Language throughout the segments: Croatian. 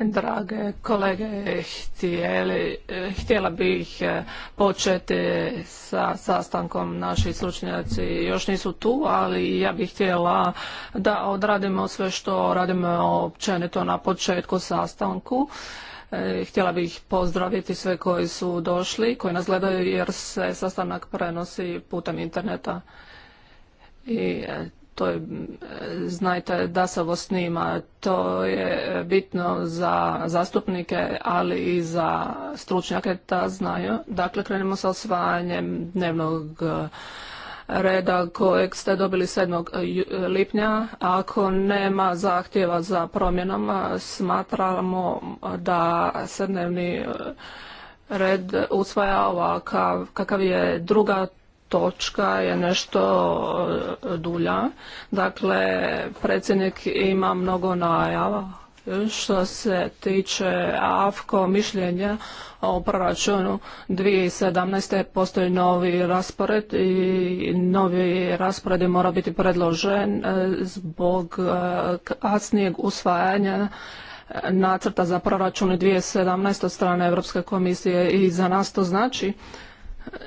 Drage kolege, htjeli, htjela bih eh, početi sa sastankom naši stručnjaci, Još nisu tu, ali ja bih htjela da odradimo sve što radimo općenito na početku sastanku. Eh, htjela bih pozdraviti sve koji su došli, koji nas gledaju jer se sastanak prenosi putem interneta. I eh, to je, e, znajte da se ovo snima, to je bitno za zastupnike, ali i za stručnjake da znaju. Dakle, krenemo sa osvajanjem dnevnog e, reda kojeg ste dobili 7. E, lipnja. Ako nema zahtjeva za promjenama, smatramo da se dnevni red usvaja ovakav kakav je druga točka je nešto e, dulja. Dakle, predsjednik ima mnogo najava što se tiče AFKO mišljenja o proračunu 2017. postoji novi raspored i novi raspored mora biti predložen e, zbog e, kasnijeg usvajanja nacrta za proračun 2017 od strane Europske komisije i za nas to znači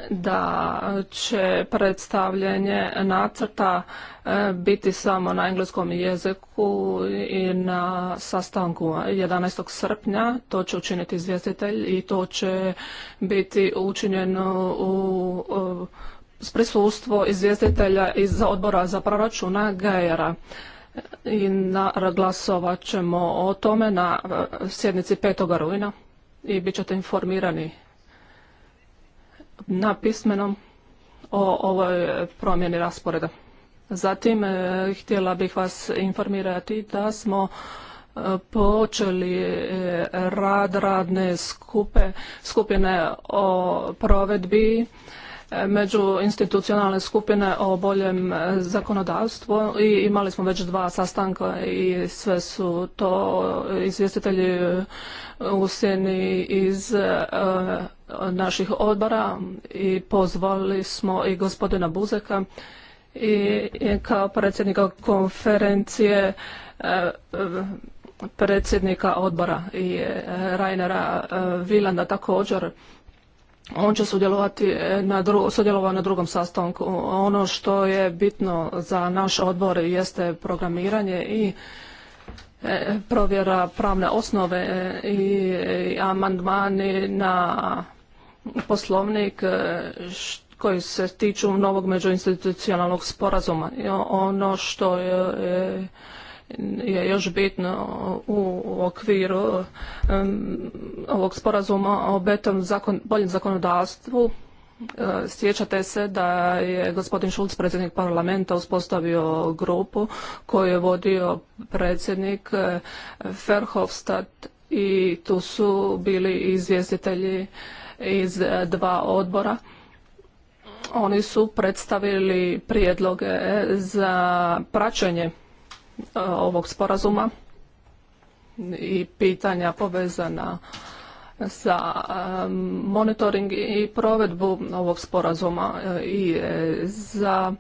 da će predstavljanje nacrta e, biti samo na engleskom jeziku i na sastanku 11. srpnja. To će učiniti izvjestitelj i to će biti učinjeno u s prisustvo izvjestitelja iz odbora za proračuna Gajera i na, glasovat ćemo o tome na e, sjednici 5. rujna i bit ćete informirani na pismenom o ovoj promjeni rasporeda. Zatim, e, htjela bih vas informirati da smo e, počeli e, rad radne skupe, skupine o provedbi međuinstitucionalne skupine o boljem zakonodavstvu i imali smo već dva sastanka i sve su to izvjestitelji u sjeni iz naših odbora i pozvali smo i gospodina Buzeka i kao predsjednika konferencije e, predsjednika odbora i e, Rainera e, Vilanda također on će sudjelovati na na drugom sastanku. Ono što je bitno za naš odbor jeste programiranje i provjera pravne osnove i amandmani na poslovnik e, koji se tiču novog međuinstitucionalnog sporazuma. Ono što je još bitno u okviru ovog sporazuma o boljem zakonodavstvu. E, sjećate se da je gospodin Šulc, predsjednik parlamenta, uspostavio grupu koju je vodio predsjednik e, Ferhofstadt i tu su bili izvjestitelji iz e, dva odbora. Oni su predstavili prijedloge e, za praćenje e, ovog sporazuma i pitanja povezana za monitoring i provedbu ovog sporazuma e, i e, za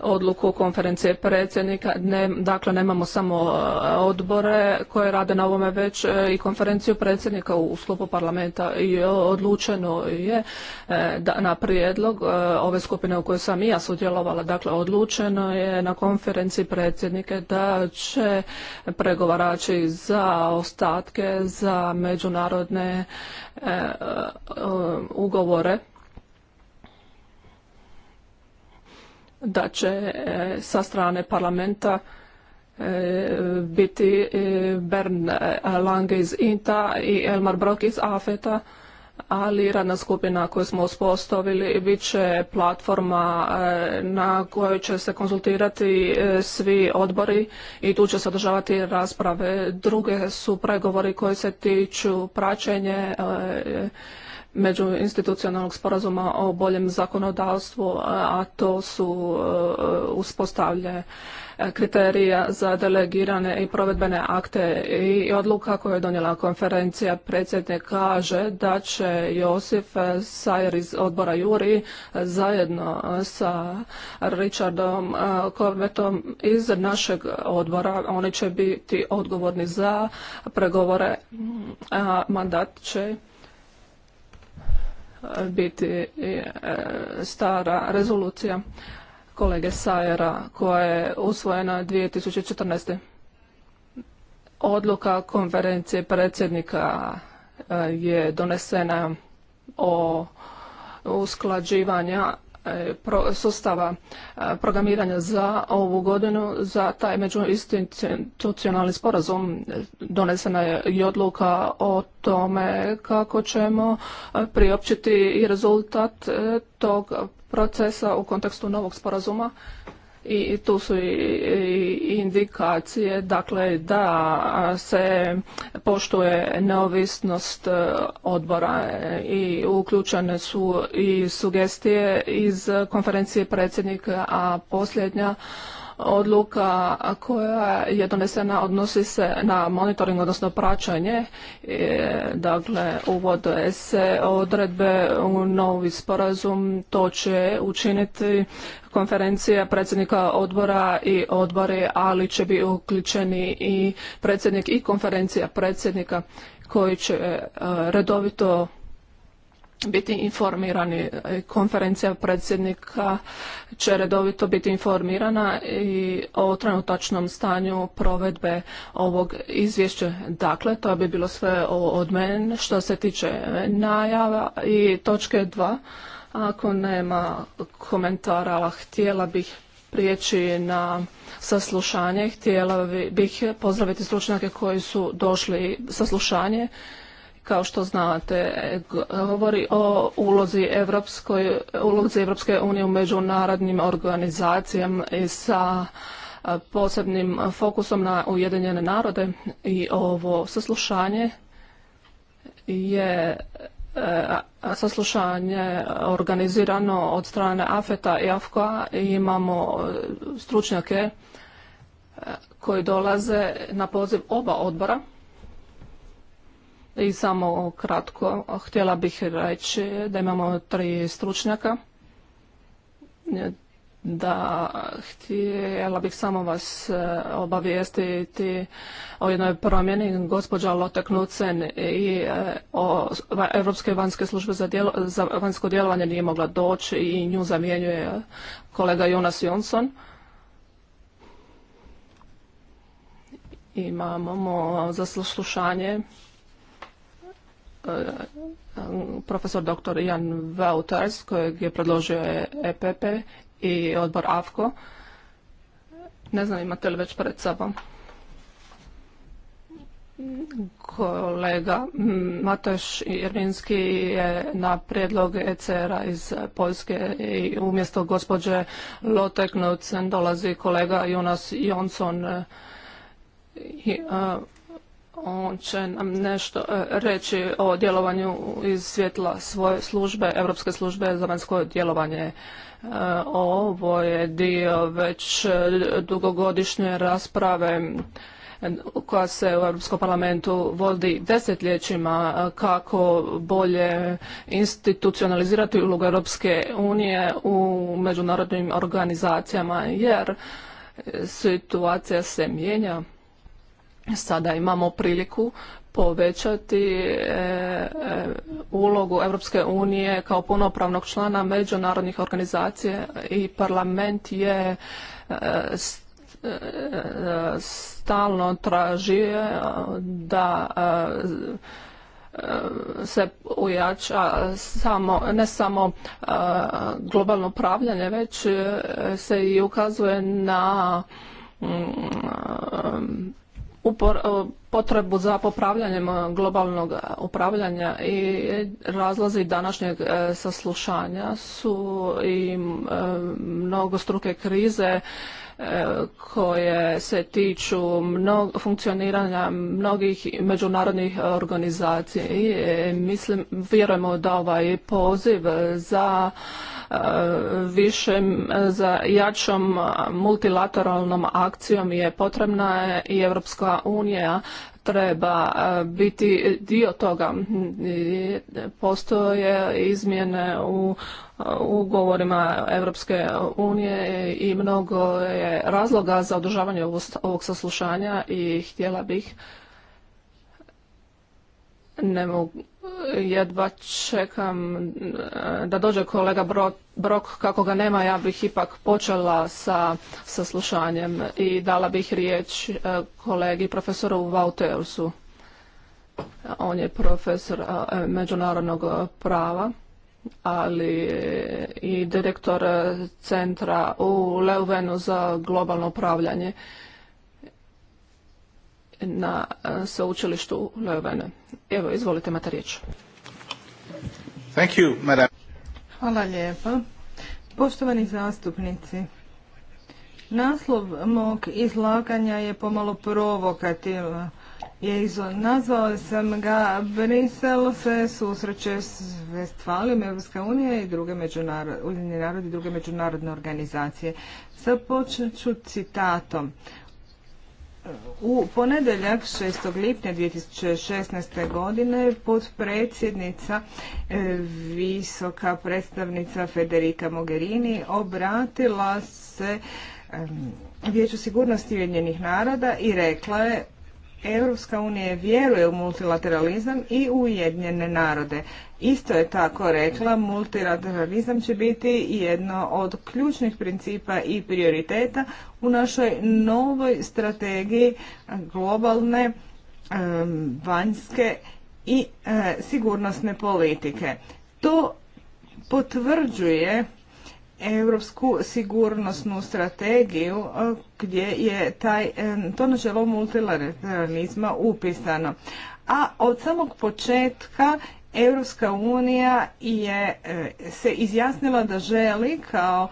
odluku konferencije predsjednika. dakle, nemamo samo e, odbore koje rade na ovome već i konferenciju predsjednika u sklopu parlamenta i odlučeno je da na prijedlog ove skupine u kojoj sam i ja sudjelovala, dakle odlučeno je na konferenciji predsjednike da će pregovarači za ostatke, za međunarodne E, e, ugovore da će e, sa strane parlamenta biti Bern Lange iz INTA i Elmar Brok iz AFETA ali radna skupina koju smo uspostavili bit će platforma e, na kojoj će se konzultirati e, svi odbori i tu će se održavati rasprave. Druge su pregovori koji se tiču praćenje e, institucionalnog sporazuma o boljem zakonodavstvu, a to su uspostavlje kriterija za delegirane i provedbene akte i odluka koju je donijela konferencija predsjednik kaže da će Josif Sajer iz odbora Juri zajedno sa Richardom Korbetom e, iz našeg odbora, oni će biti odgovorni za pregovore, a mandat će e, biti e, stara rezolucija kolege Sajera koja je usvojena 2014. Odluka konferencije predsjednika eh, je donesena o usklađivanja eh, sustava eh, programiranja za ovu godinu za taj međuinstitucionalni sporazum donesena je i odluka o tome kako ćemo priopćiti i rezultat tog procesa u kontekstu novog sporazuma i tu su i indikacije dakle da se poštuje neovisnost e, odbora i uključene su i sugestije iz konferencije predsjednika, a posljednja Odluka koja je donesena odnosi se na monitoring, odnosno praćanje. E, dakle, uvode se odredbe u novi sporazum. To će učiniti konferencija predsjednika odbora i odbori, ali će biti uključeni i predsjednik i konferencija predsjednika koji će e, redovito biti informirani. Konferencija predsjednika će redovito biti informirana i o trenutačnom stanju provedbe ovog izvješća. Dakle, to bi bilo sve od mene što se tiče najava i točke dva. Ako nema komentara, htjela bih prijeći na saslušanje. Htjela bih pozdraviti stručnjake koji su došli saslušanje kao što znate, govori o ulozi Evropskoj, ulozi Evropske unije u međunarodnim organizacijama i sa posebnim fokusom na Ujedinjene narode i ovo saslušanje je e, saslušanje organizirano od strane AFETA i AFKA i imamo e, stručnjake e, koji dolaze na poziv oba odbora i samo kratko, htjela bih reći da imamo tri stručnjaka. Da, htjela bih samo vas eh, obavijestiti o jednoj promjeni. Gospođa Lotte Knudsen i eh, o Europske vanjske službe za, vanjsko djelovanje nije mogla doći i nju zamjenjuje kolega Jonas Jonsson. Imamo slušanje E, e, profesor dr. Jan Vautars kojeg je predložio EPP i odbor AFKO. Ne znam imate li već pred sobom. Kolega Mateš Irvinski je na prijedlog ECR-a iz Poljske i umjesto gospođe Lotek dolazi kolega Jonas Jonsson e, on će nam nešto e, reći o djelovanju iz svjetla svoje službe, Europske službe za vanjsko djelovanje. E, ovo je dio već e, dugogodišnje rasprave koja se u Europskom parlamentu vodi desetljećima kako bolje institucionalizirati ulogu Europske unije u međunarodnim organizacijama jer situacija se mijenja Sada imamo priliku povećati e, e, ulogu Europske unije kao punopravnog člana međunarodnih organizacija i parlament je e, stalno traži da se ujača samo, ne samo globalno upravljanje, već se i ukazuje na mm, E, potrebu za popravljanjem e, globalnog upravljanja i razlazi današnjeg e, saslušanja su i mnogo struke krize koje se tiču mnog, funkcioniranja mnogih međunarodnih organizacija i mislim, vjerujemo da ovaj poziv za Eh, više za jačom eh, multilateralnom akcijom je potrebna eh, i Europska unija treba biti dio toga. Mm, postoje izmjene u ugovorima Europske unije i mnogo je razloga za održavanje ovog saslušanja i htjela bih ne mogu jedva čekam eh, da dođe kolega Brok, kako ga nema, ja bih ipak počela sa saslušanjem i dala bih riječ eh, kolegi profesoru Vautersu. On je profesor eh, međunarodnog prava, ali i direktor centra u Leuvenu za globalno upravljanje na e, sveučilištu Leuvene. Evo, izvolite, imate Hvala lijepa. Poštovani zastupnici, naslov mog izlaganja je pomalo provokativan. Je nazvao sam ga Brisel se susreće s Vestfalijom, Evropska unija i druge međunarodne narodi i druge međunarodne organizacije. Započet ću citatom. U ponedeljak 6. lipnja 2016. godine podpredsjednica e, visoka predstavnica Federica Mogherini obratila se Vijeću sigurnosti Ujedinjenih naroda i rekla je Europska unija vjeruje u multilateralizam i u Ujedinjene narode isto je tako rekla, multilateralizam će biti jedno od ključnih principa i prioriteta u našoj novoj strategiji globalne vanjske i e, sigurnosne politike. To potvrđuje europsku sigurnosnu strategiju e, gdje je taj, e, to načelo multilateralizma upisano. A od samog početka Europska unija je e, se izjasnila da želi kao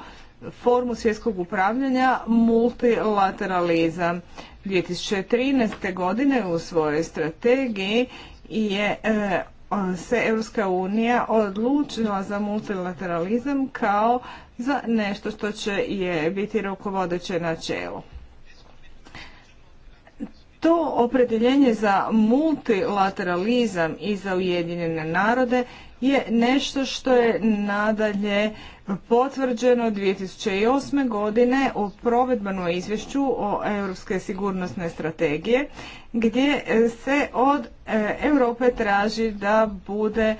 formu svjetskog upravljanja multilateralizam. 2013. godine u svojoj strategiji je e, se Europska unija odlučila za multilateralizam kao za nešto što će je biti rukovodeće načelo to opredeljenje za multilateralizam i za Ujedinjene narode je nešto što je nadalje potvrđeno 2008. godine u provedbenom izvješću o Europske sigurnosne strategije gdje se od e, Europe traži da bude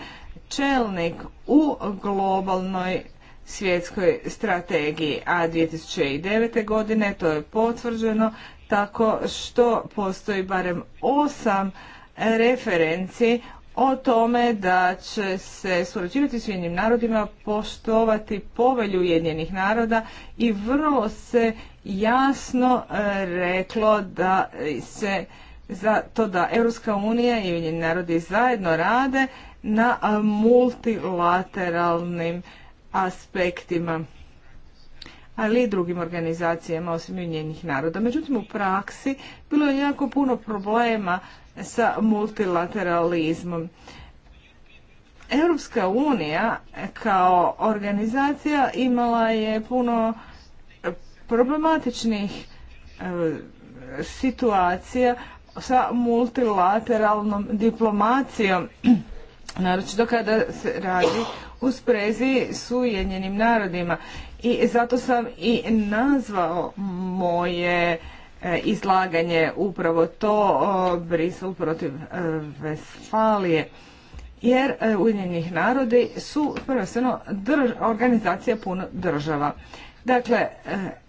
čelnik u globalnoj svjetskoj strategiji, a 2009. godine to je potvrđeno tako što postoji barem osam referenci o tome da će se surađivati s jednim narodima, poštovati povelju Ujedinjenih naroda i vrlo se jasno e, reklo da se za to da Europska unija i Ujedinjeni narodi zajedno rade na multilateralnim aspektima ali i drugim organizacijama osim njenih naroda. Međutim, u praksi bilo je jako puno problema sa multilateralizmom. Europska unija kao organizacija imala je puno problematičnih e, situacija sa multilateralnom diplomacijom, naročito kada se radi u sprezi s Ujedinjenim narodima i zato sam i nazvao moje e, izlaganje upravo to Brisel protiv e, Vesfalije. Jer e, Ujedinjenih narodi su prvenstveno organizacija puno država. Dakle,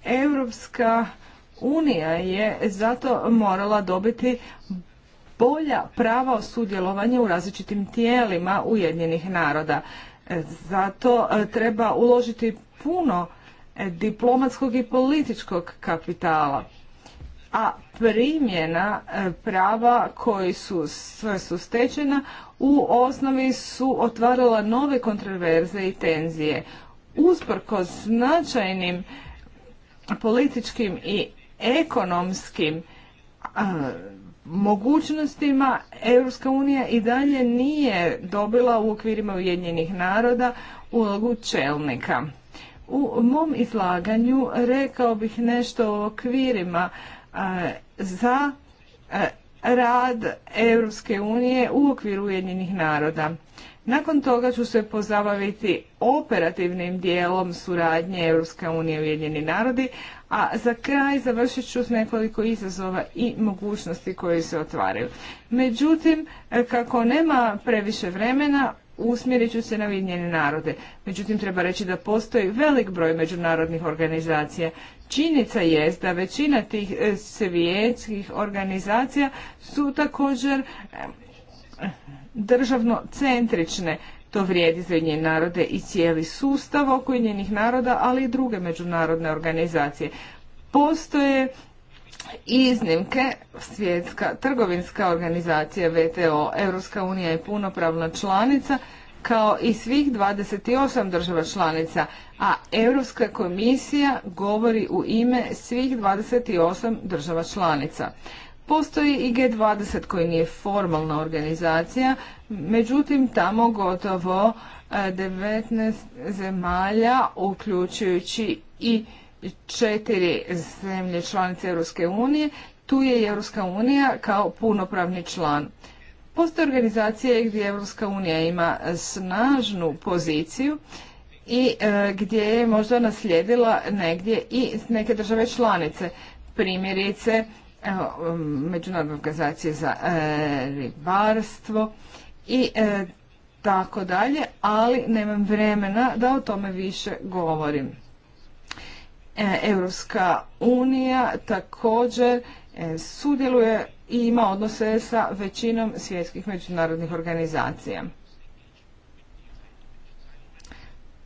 Europska unija je zato morala dobiti bolja prava o sudjelovanju u različitim tijelima Ujedinjenih naroda. Zato e, treba uložiti puno e, diplomatskog i političkog kapitala. A primjena e, prava koji su sve su stečena u osnovi su otvarala nove kontroverze i tenzije. Usprkos značajnim političkim i ekonomskim mogućnostima Europska unija i dalje nije dobila u okvirima Ujedinjenih naroda ulogu čelnika. U mom izlaganju rekao bih nešto o okvirima za rad Europske unije u okviru Ujedinjenih naroda. Nakon toga ću se pozabaviti operativnim dijelom suradnje unije unija Ujedinjeni narodi, a za kraj završit ću s nekoliko izazova i mogućnosti koje se otvaraju. Međutim, kako nema previše vremena, usmjerit ću se na Ujedinjene narode. Međutim, treba reći da postoji velik broj međunarodnih organizacija. Činjenica je da većina tih eh, svjetskih organizacija su također državno-centrične. To vrijedi za nje narode i cijeli sustav oko njenih naroda, ali i druge međunarodne organizacije. Postoje iznimke, svjetska trgovinska organizacija VTO, Europska unija je punopravna članica, kao i svih 28 država članica, a Europska komisija govori u ime svih 28 država članica. Postoji i G20 koji nije formalna organizacija, međutim tamo gotovo 19 e, zemalja, uključujući i četiri zemlje članice Europske unije, tu je i Europska unija kao punopravni član. Postoje organizacije gdje Europska unija ima snažnu poziciju i e, gdje je možda naslijedila negdje i neke države članice. Primjerice, Um, Međunarodne organizacije za e, ribarstvo i e, tako dalje, ali nemam vremena da o tome više govorim. E, Europska unija također sudjeluje i ima odnose sa većinom svjetskih međunarodnih organizacija.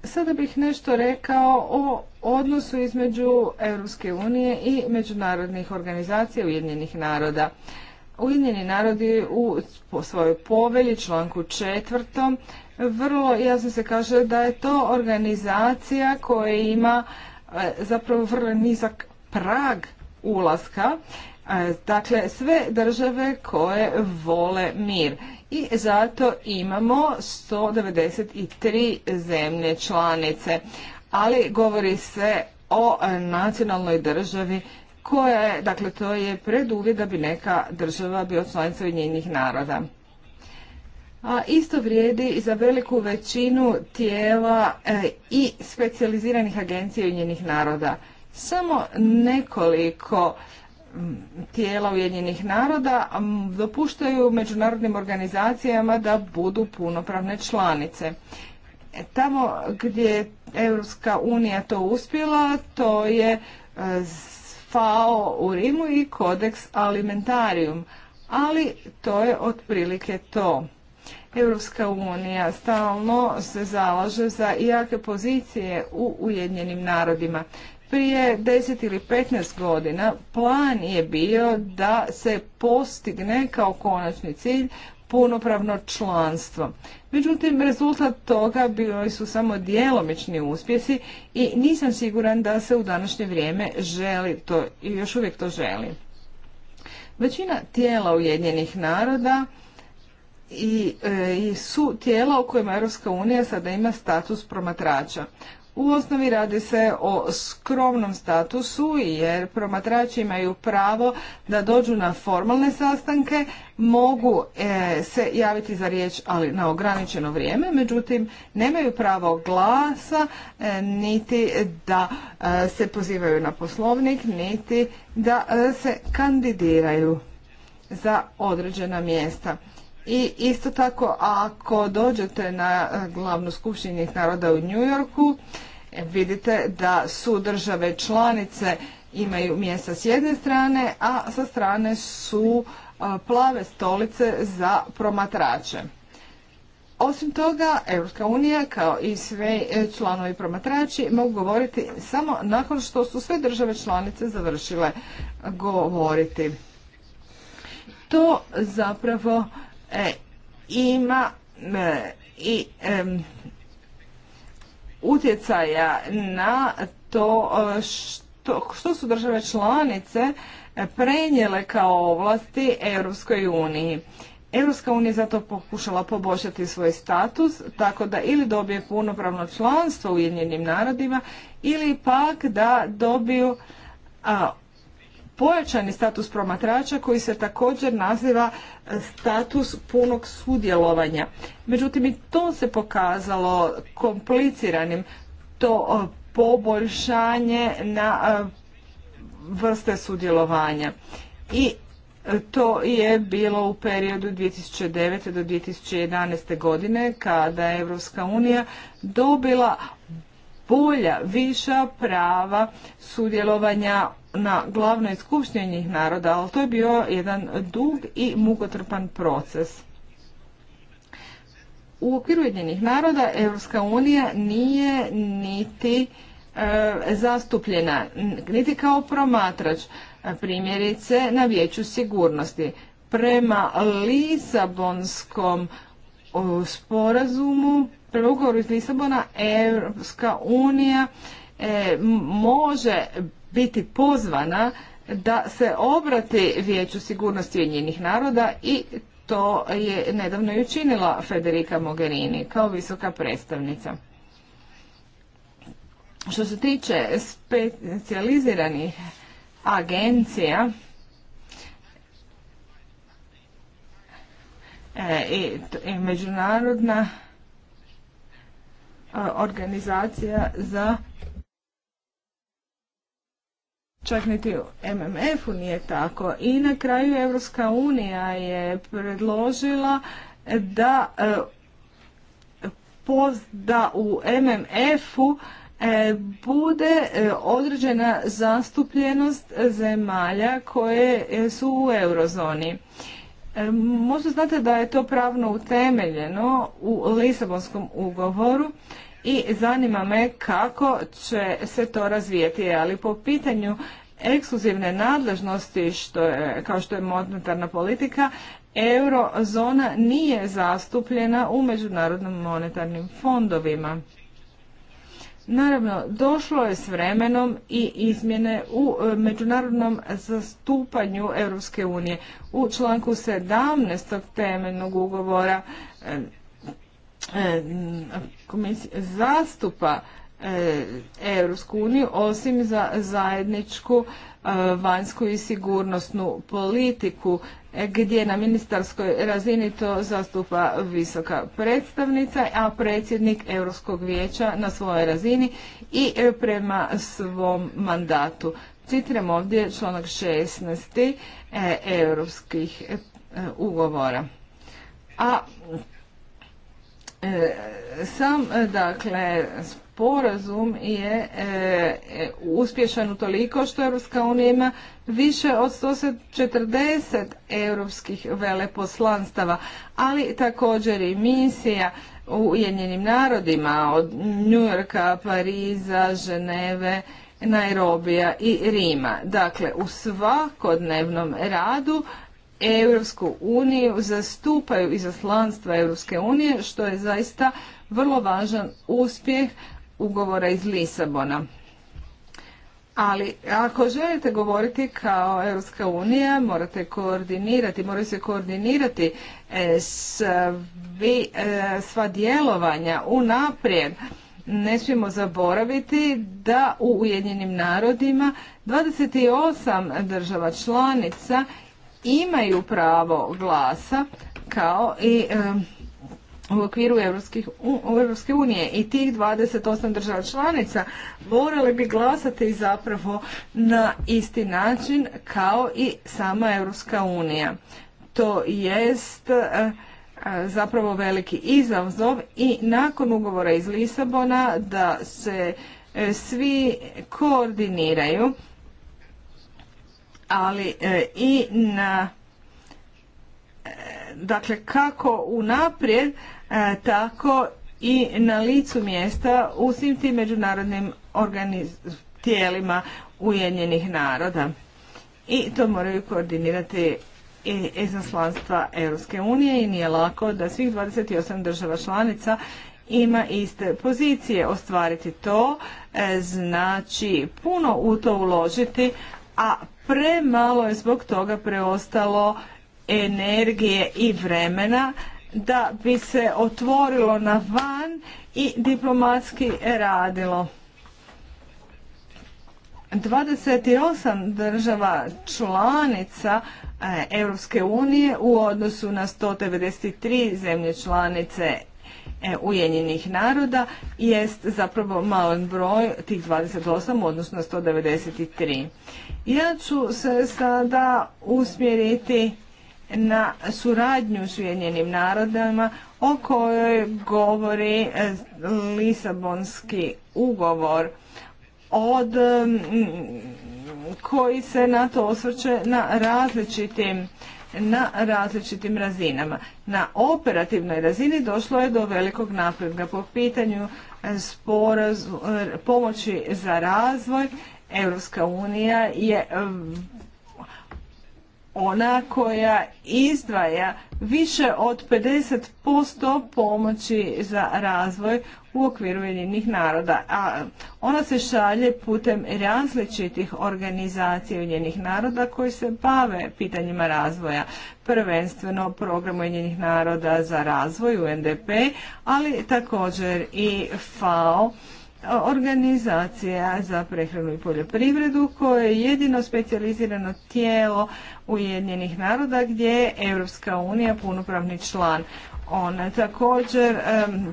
Sada bih nešto rekao o odnosu između Europske unije i međunarodnih organizacija Ujedinjenih naroda. Ujedinjeni narodi u svojoj povelji, članku četvrtom, vrlo jasno se kaže da je to organizacija koja ima e, zapravo vrlo nizak prag ulaska, e, dakle sve države koje vole mir i zato imamo 193 zemlje članice, ali govori se o nacionalnoj državi koja je, dakle to je preduvjet da bi neka država bio članica njenih naroda. A isto vrijedi i za veliku većinu tijela e, i specijaliziranih agencija Ujedinjenih naroda. Samo nekoliko tijela Ujedinjenih naroda dopuštaju međunarodnim organizacijama da budu punopravne članice. E, tamo gdje je Europska unija to uspjela, to je e, FAO u Rimu i kodeks alimentarium, ali to je otprilike to. Europska unija stalno se zalaže za jake pozicije u Ujedinjenim narodima. Prije 10 ili 15 godina plan je bio da se postigne kao konačni cilj punopravno članstvo. Međutim, rezultat toga bili su samo djelomični uspjesi i nisam siguran da se u današnje vrijeme želi to i još uvijek to želi. Većina tijela Ujedinjenih naroda i, e, i su tijela u kojima Europska sada ima status promatrača. U osnovi radi se o skromnom statusu jer promatrači imaju pravo da dođu na formalne sastanke, mogu e, se javiti za riječ ali na ograničeno vrijeme, međutim nemaju pravo glasa e, niti da e, se pozivaju na poslovnik, niti da se kandidiraju za određena mjesta. I isto tako, ako dođete na eh, glavnu skupštinu naroda u New Yorku, eh, vidite da su države članice imaju mjesta s jedne strane, a sa strane su eh, plave stolice za promatrače. Osim toga, Europska unija kao i sve članovi promatrači mogu govoriti samo nakon što su sve države članice završile govoriti. To zapravo E, ima e, i utjecaja na to e, što, su države članice prenijele kao ovlasti Europskoj uniji. Europska unija zato pokušala poboljšati svoj status tako da ili dobije punopravno članstvo u Ujedinjenim narodima ili pak da dobiju pojačani status promatrača koji se također naziva e, status punog sudjelovanja. Međutim, i to se pokazalo kompliciranim, to e, poboljšanje na e, vrste sudjelovanja. I to je bilo u periodu 2009. do 2011. godine kada je Evropska unija dobila bolja, viša prava sudjelovanja na glavnoj skupštini naroda, ali to je bio jedan dug i mukotrpan proces. U okviru jedinih naroda Europska unija nije niti e, zastupljena, niti kao promatrač primjerice na vijeću sigurnosti. Prema Lisabonskom sporazumu, prema ugovoru iz Lisabona, Europska unija e, može biti pozvana da se obrati Vijeću sigurnosti Ujedinjenih naroda i to je nedavno i učinila Federica Mogherini kao visoka predstavnica. Što se tiče specijaliziranih agencija e, i međunarodna e, organizacija za Čak niti u MMF-u nije tako. I na kraju Evropska unija je predložila da, e, da u MMF-u e, bude e, određena zastupljenost zemalja koje su u eurozoni. Možda znate da je to pravno utemeljeno u Lisabonskom ugovoru i zanima me kako će se to razvijeti, ali po pitanju ekskluzivne nadležnosti što je, kao što je monetarna politika, eurozona nije zastupljena u međunarodnim monetarnim fondovima. Naravno, došlo je s vremenom i izmjene u e, međunarodnom zastupanju Europske unije. U članku 17. temeljnog ugovora e, E, komisija zastupa e, Europsku uniju osim za zajedničku e, vanjsku i sigurnosnu politiku gdje na ministarskoj razini to zastupa visoka predstavnica, a predsjednik Europskog vijeća na svojoj razini i prema svom mandatu. Citiram ovdje članak 16. europskih ugovora. A E, sam, e, dakle, sporazum je e, uspješan u toliko što Europska unija ima više od 140 europskih veleposlanstava, ali također i misija u Ujedinjenim narodima od Yorka, Pariza, Ženeve, Nairobija i Rima. Dakle, u svakodnevnom radu Europsku uniju zastupaju izaslanstva Europske unije, što je zaista vrlo važan uspjeh ugovora iz Lisabona. Ali ako želite govoriti kao Europska unija, morate koordinirati, moraju se koordinirati e, svi, e, sva djelovanja unaprijed. Ne smijemo zaboraviti da u Ujedinjenim narodima 28 država članica imaju pravo glasa kao i u okviru Europske unije i tih 28 država članica morale bi glasati zapravo na isti način kao i sama Europska unija. To jest eh, zapravo veliki izazov i nakon ugovora iz Lisabona da se eh, svi koordiniraju ali e, i na e, dakle kako unaprijed e, tako i na licu mjesta u svim tim međunarodnim tijelima Ujedinjenih naroda. I to moraju koordinirati i izaslanstva Europske unije i nije lako da svih 28 država članica ima iste pozicije. Ostvariti to znači puno u to uložiti, a premalo je zbog toga preostalo energije i vremena da bi se otvorilo na van i diplomatski radilo. 28 država članica e, Europske unije u odnosu na 193 zemlje članice E, Ujedinjenih naroda jest zapravo malen broj tih 28, odnosno 193. Ja ću se sada usmjeriti na suradnju s Ujedinjenim narodama o kojoj govori e, Lisabonski ugovor od koji se na to osvrće na različitim na različitim razinama. Na operativnoj razini došlo je do velikog napretka po pitanju e, e, pomoći za razvoj. Europska unija je e, ona koja izdvaja više od 50% pomoći za razvoj u okviru ujedinjenih naroda. A ona se šalje putem različitih organizacija jedinih naroda koji se bave pitanjima razvoja. Prvenstveno program Ujedinjenih naroda za razvoj u NDP, ali također i FAO organizacija za prehranu i poljoprivredu koje je jedino specijalizirano tijelo Ujedinjenih naroda gdje je Europska unija punopravni član. On također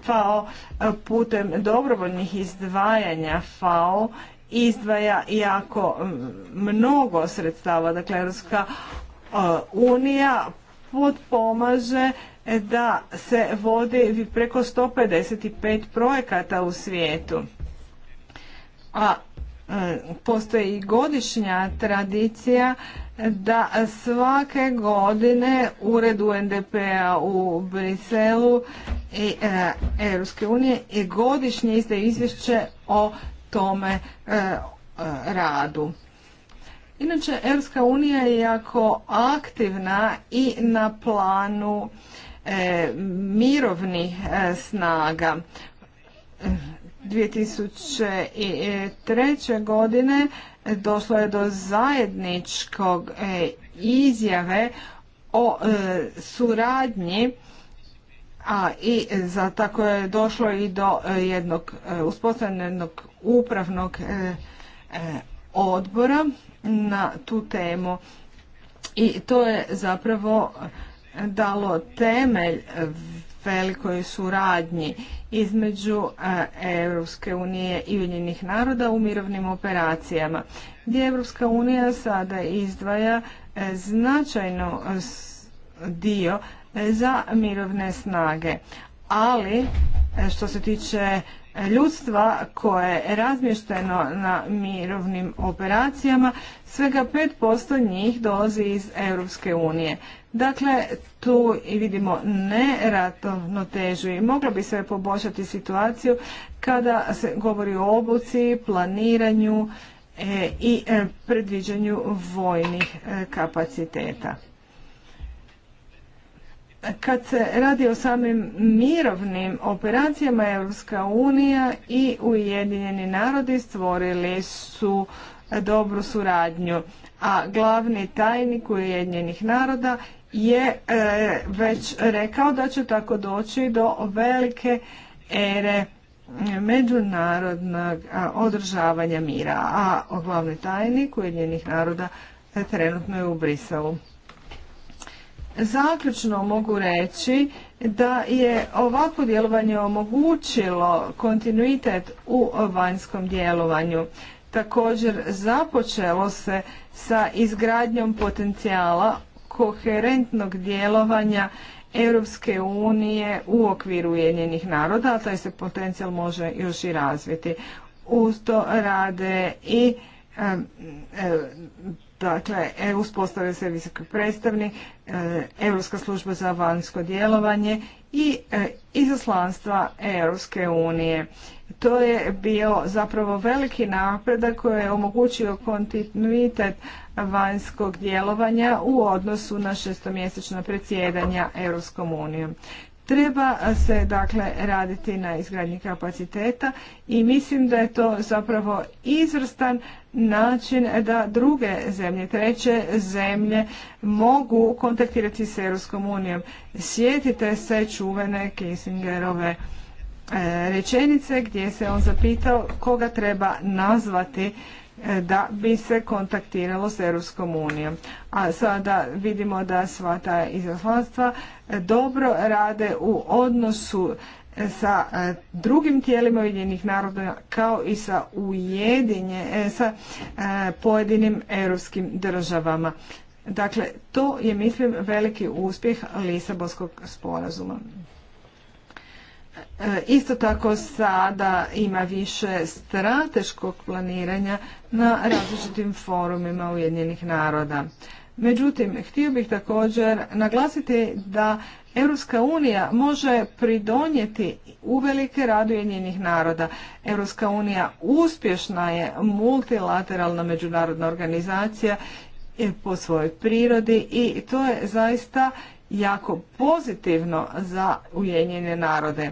FAO putem dobrovoljnih izdvajanja FAO izdvaja jako mnogo sredstava. Dakle, Europska unija potpomaže da se vodi preko 155 projekata u svijetu a e, postoji i godišnja tradicija da svake godine Uredu ndp a u Briselu i e, Europske unije i godišnje izdaje izvješće o tome e, radu. Inače, Europska unija je jako aktivna i na planu mirovnih snaga 2003. godine došlo je do zajedničkog e, izjave o e, suradnji a i za tako je došlo i do e, jednog uspostavljenog upravnog odbora na tu temu i to je zapravo dalo temelj velikoj suradnji između Europske unije i Ujedinjenih naroda u mirovnim operacijama, gdje Europska unija sada izdvaja e, značajno e, dio e, za mirovne snage. Ali, što se tiče ljudstva koje je razmješteno na mirovnim operacijama, svega 5% njih dolazi iz Europske unije. Dakle, tu i vidimo neratno težu i moglo bi se poboljšati situaciju kada se govori o obuci, planiranju e, i e, predviđanju vojnih e, kapaciteta. Kad se radi o samim mirovnim operacijama, Europska unija i Ujedinjeni narodi stvorili su dobru suradnju, a glavni tajnik Ujedinjenih naroda je e, već rekao da će tako doći do velike ere međunarodnog održavanja mira, a glavni tajnik Ujedinjenih naroda trenutno je u Briselu. Zaključno mogu reći da je ovako djelovanje omogućilo kontinuitet u vanjskom djelovanju. Također započelo se sa izgradnjom potencijala koherentnog djelovanja Europske unije u okviru Ujedinjenih naroda, a taj se potencijal može još i razviti. Uz to rade i dakle, dakle, se visoki predstavnik, Europska služba za vanjsko djelovanje i e, izaslanstva Europske unije. To je bio zapravo veliki napredak koji je omogućio kontinuitet vanjskog djelovanja u odnosu na šestomjesečno predsjedanja Europskom unijom. Treba se dakle raditi na izgradnji kapaciteta i mislim da je to zapravo izvrstan način da druge zemlje, treće zemlje mogu kontaktirati s Europskom Sjetite se čuvene Kissingerove e, rečenice gdje se on zapitao koga treba nazvati E, da bi se kontaktiralo s Europskom unijom. A sada vidimo da sva ta izaslanstva e, dobro rade u odnosu e, sa drugim tijelima Ujedinjenih naroda kao i sa ujedinje sa pojedinim europskim državama. Dakle, to je mislim veliki uspjeh Lisabonskog sporazuma. Isto tako sada ima više strateškog planiranja na različitim forumima Ujedinjenih naroda. Međutim, htio bih također naglasiti da Europska unija može pridonijeti uvelike radu Ujedinjenih naroda. Europska unija uspješna je multilateralna međunarodna organizacija e, po svojoj prirodi i to je zaista jako pozitivno za Ujedinjene narode.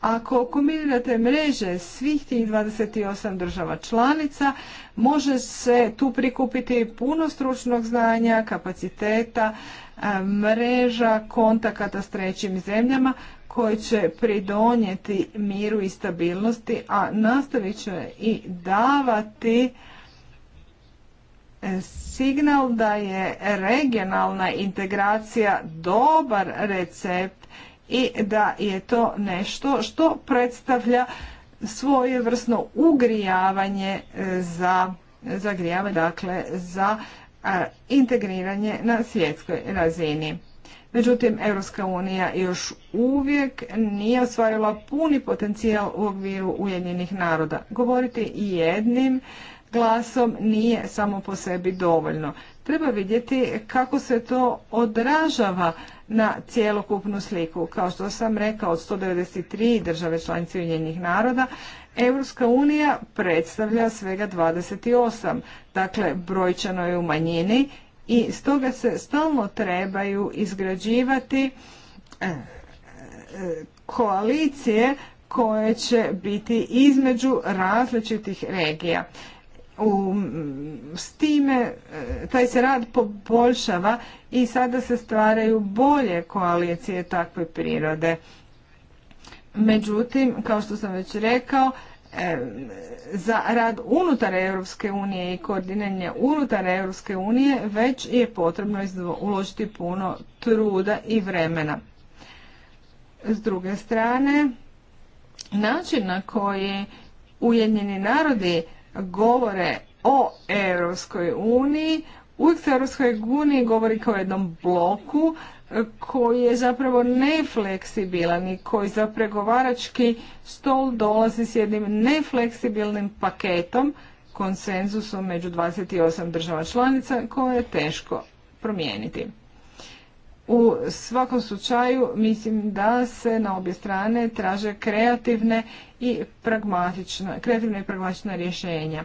Ako kombinirate mreže svih tih 28 država članica, može se tu prikupiti puno stručnog znanja, kapaciteta, e, mreža, kontakata s trećim zemljama koje će pridonijeti miru i stabilnosti, a nastavit će i davati E, signal da je regionalna integracija dobar recept i da je to nešto što predstavlja svojevrsno ugrijavanje e, za zagrijavanje, dakle za e, integriranje na svjetskoj razini. Međutim, Europska unija još uvijek nije ostvarila puni potencijal u okviru Ujedinjenih naroda. Govoriti jednim glasom nije samo po sebi dovoljno. Treba vidjeti kako se to odražava na cjelokupnu sliku. Kao što sam rekao, od 193 države članice Ujedinjenih naroda, Europska unija predstavlja svega 28, dakle brojčano je u manjini i stoga se stalno trebaju izgrađivati eh, eh, koalicije koje će biti između različitih regija u, s time e, taj se rad poboljšava i sada se stvaraju bolje koalicije takve prirode. Međutim, kao što sam već rekao, e, za rad unutar Europske unije i koordiniranje unutar Europske unije već je potrebno uložiti puno truda i vremena. S druge strane, način na koji ujednjeni narodi govore o Europskoj uniji, uvijek se Europskoj uniji govori kao jednom bloku e, koji je zapravo nefleksibilan i koji za pregovarački stol dolazi s jednim nefleksibilnim paketom konsenzusom među 28 država članica koje je teško promijeniti. U svakom slučaju mislim da se na obje strane traže kreativne i pragmatična, kreativne i pragmatična rješenja.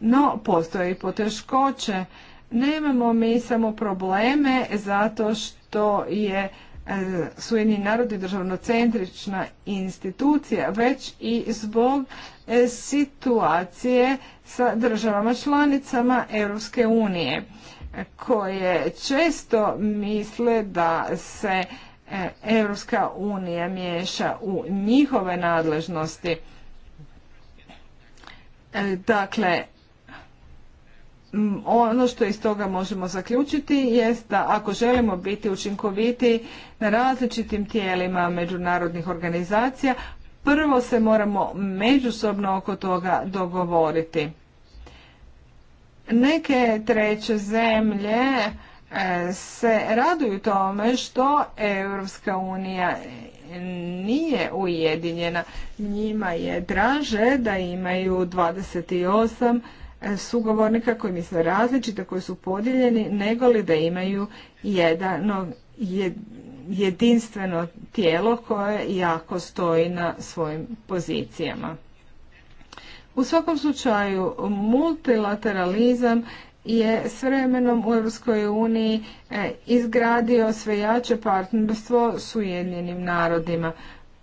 No, postoje i poteškoće. Nemamo mi samo probleme zato što je su e, jedni narodi državnocentrična institucija, već i zbog e, situacije sa državama članicama Europske unije koje često misle da se Europska unija miješa u njihove nadležnosti. E, dakle, ono što iz toga možemo zaključiti jest da ako želimo biti učinkoviti na različitim tijelima međunarodnih organizacija, prvo se moramo međusobno oko toga dogovoriti. Neke treće zemlje e, se raduju tome što Europska unija nije ujedinjena. Njima je draže da imaju 28 e, sugovornika koji misle različito, koji su podijeljeni, nego li da imaju jedano, jedinstveno tijelo koje jako stoji na svojim pozicijama. U svakom slučaju, multilateralizam je s vremenom u Europskoj uniji e, izgradio sve jače partnerstvo s Ujedinjenim narodima.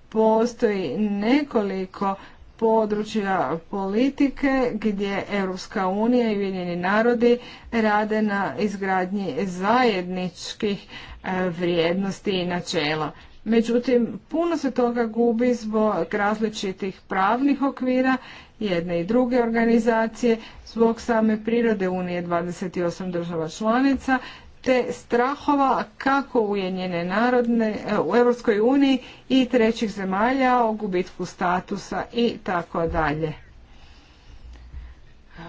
Postoji nekoliko područja politike gdje Europska unija i Ujedinjeni narodi rade na izgradnji zajedničkih e, vrijednosti i načela. Međutim, puno se toga gubi zbog različitih pravnih okvira jedne i druge organizacije, zbog same prirode Unije 28 država članica, te strahova kako ujenjene narodne u Europskoj uniji i trećih zemalja o gubitku statusa i tako dalje.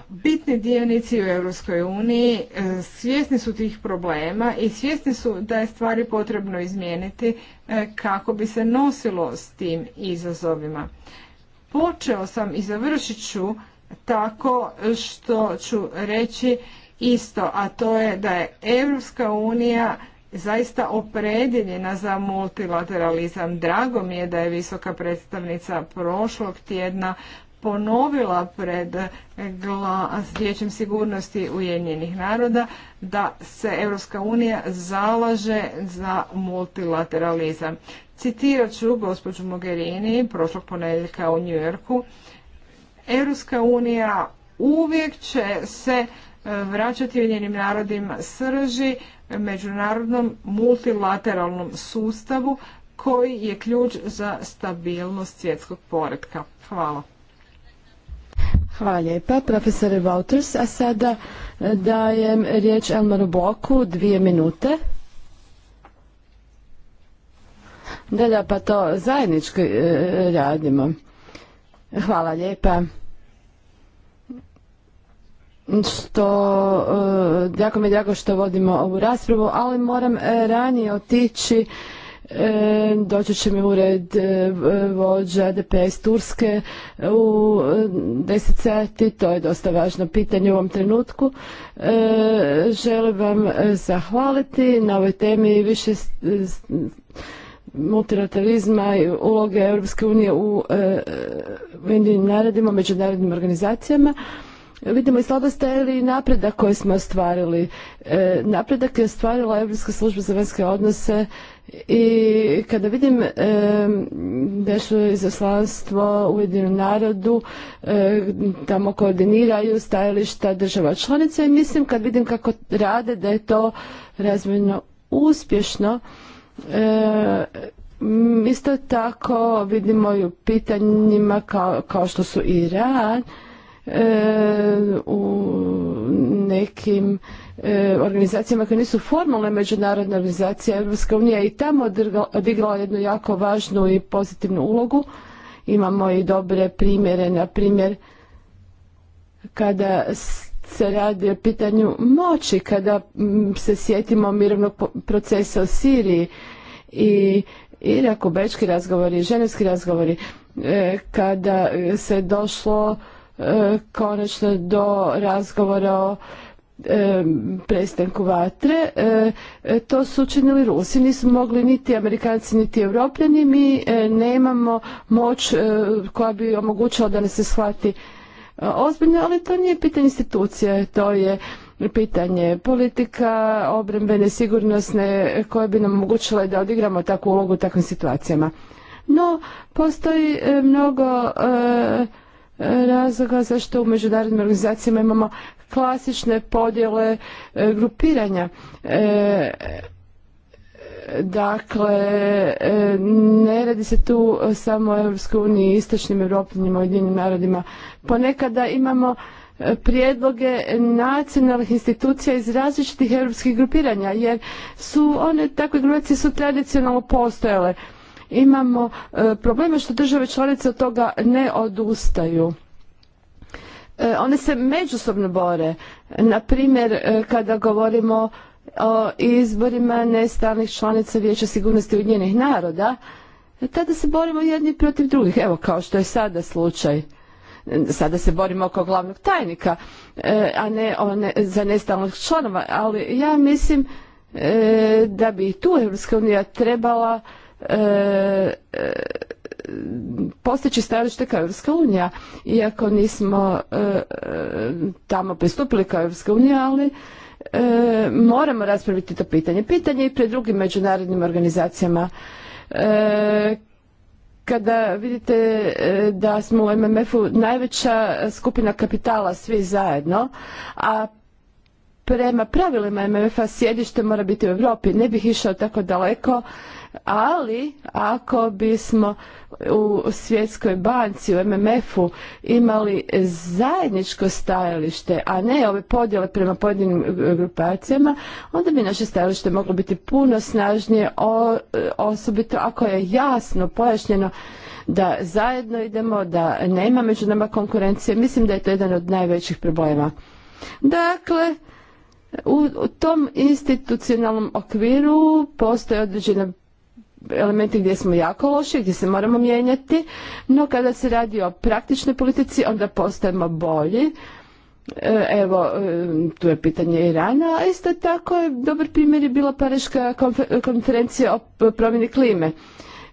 Bitni dionici u Europskoj uniji e, svjesni su tih problema i svjesni su da je stvari potrebno izmijeniti e, kako bi se nosilo s tim izazovima. Počeo sam i završit ću tako što ću reći isto, a to je da je Europska unija zaista opredjeljena za multilateralizam. Drago mi je da je visoka predstavnica prošlog tjedna ponovila pred Vijećem sigurnosti Ujedinjenih naroda da se Europska unija zalaže za multilateralizam. Citirat ću gospođu Mogherini prošlog ponedjeljka u Yorku. Europska unija uvijek će se e, vraćati Ujedinjenim narodima srži međunarodnom multilateralnom sustavu koji je ključ za stabilnost svjetskog poretka. Hvala. Hvala lijepa, profesore Wouters. A sada e, dajem riječ Elmaru Boku, dvije minute. Da, pa to zajednički e, radimo. Hvala lijepa što e, jako mi je drago što vodimo ovu raspravu, ali moram ranije otići doći će mi ured e, vođa DPS Turske u 10 e, sati, to je dosta važno pitanje u ovom trenutku. E, želim vam zahvaliti na ovoj temi više multilateralizma i uloge Europske unije u Ujedinjenim narodima, međunarodnim organizacijama. Vidimo i slabost, ili napredak koji smo ostvarili. Napredak je ostvarila Europska služba za vanjske odnose i kada vidim da su izaslanstvo u jedinom narodu eh, tamo koordiniraju stajališta država članica i mislim kad vidim kako rade da je to razmjerno uspješno isto tako vidimo i u pitanjima kao, kao što su Iran u nekim E, organizacijama koje nisu formalne međunarodne organizacije. Europska unija i tamo odigrala jednu jako važnu i pozitivnu ulogu. Imamo i dobre primjere, na primjer kada se radi o pitanju moći, kada se sjetimo mirovnog procesa u Siriji i Iraku, bečki razgovori, ženevski razgovori, e, kada se došlo e, konačno do razgovora o E, prestanku vatre. E, e, to su učinili Rusi, nisu mogli niti Amerikanci niti Europljani. Mi nemamo moć koja bi omogućila da ne se shvati ozbiljno, ali to nije pitanje institucija, to je pitanje politika, obrambene, sigurnosne, koje bi nam omogućile da odigramo takvu ulogu u takvim situacijama. No, postoji mnogo razloga zašto u međunarodnim organizacijama imamo klasične podjele e, grupiranja. E, dakle, e, ne radi se tu samo o Europskoj uniji, istočnim Europljanima, jedinim narodima. Ponekada imamo prijedloge nacionalnih institucija iz različitih europskih grupiranja, jer su one, takve grupacije su tradicionalno postojale imamo e, probleme što države članice od toga ne odustaju e, one se međusobno bore na e, kada govorimo o izborima nestalnih članica vijeća sigurnosti ujedinjenih naroda tada se borimo jedni protiv drugih evo kao što je sada slučaj sada se borimo oko glavnog tajnika a ne za nestalnog članova ali ja mislim da bi i tu Europska unija trebala E, e, postići stajalište kao Evropska unija. Iako nismo e, tamo pristupili kao Evropska unija, ali E, moramo raspraviti to pitanje. Pitanje i pred drugim međunarodnim organizacijama. E, kada vidite da smo u MMF-u najveća skupina kapitala svi zajedno, a prema pravilima MMF-a sjedište mora biti u Europi, ne bih išao tako daleko ali ako bismo u svjetskoj banci, u MMF-u imali zajedničko stajalište, a ne ove podjele prema pojedinim e, grupacijama, onda bi naše stajalište moglo biti puno snažnije, osobito ako je jasno pojašnjeno da zajedno idemo, da nema među nama konkurencije. Mislim da je to jedan od najvećih problema. Dakle, u tom institucionalnom okviru postoje određena elementi gdje smo jako loši, gdje se moramo mijenjati, no kada se radi o praktičnoj politici onda postajemo bolji. E, evo, e, tu je pitanje Irana, a isto tako je dobar primjer je bila Pariška konferencija o promjeni klime.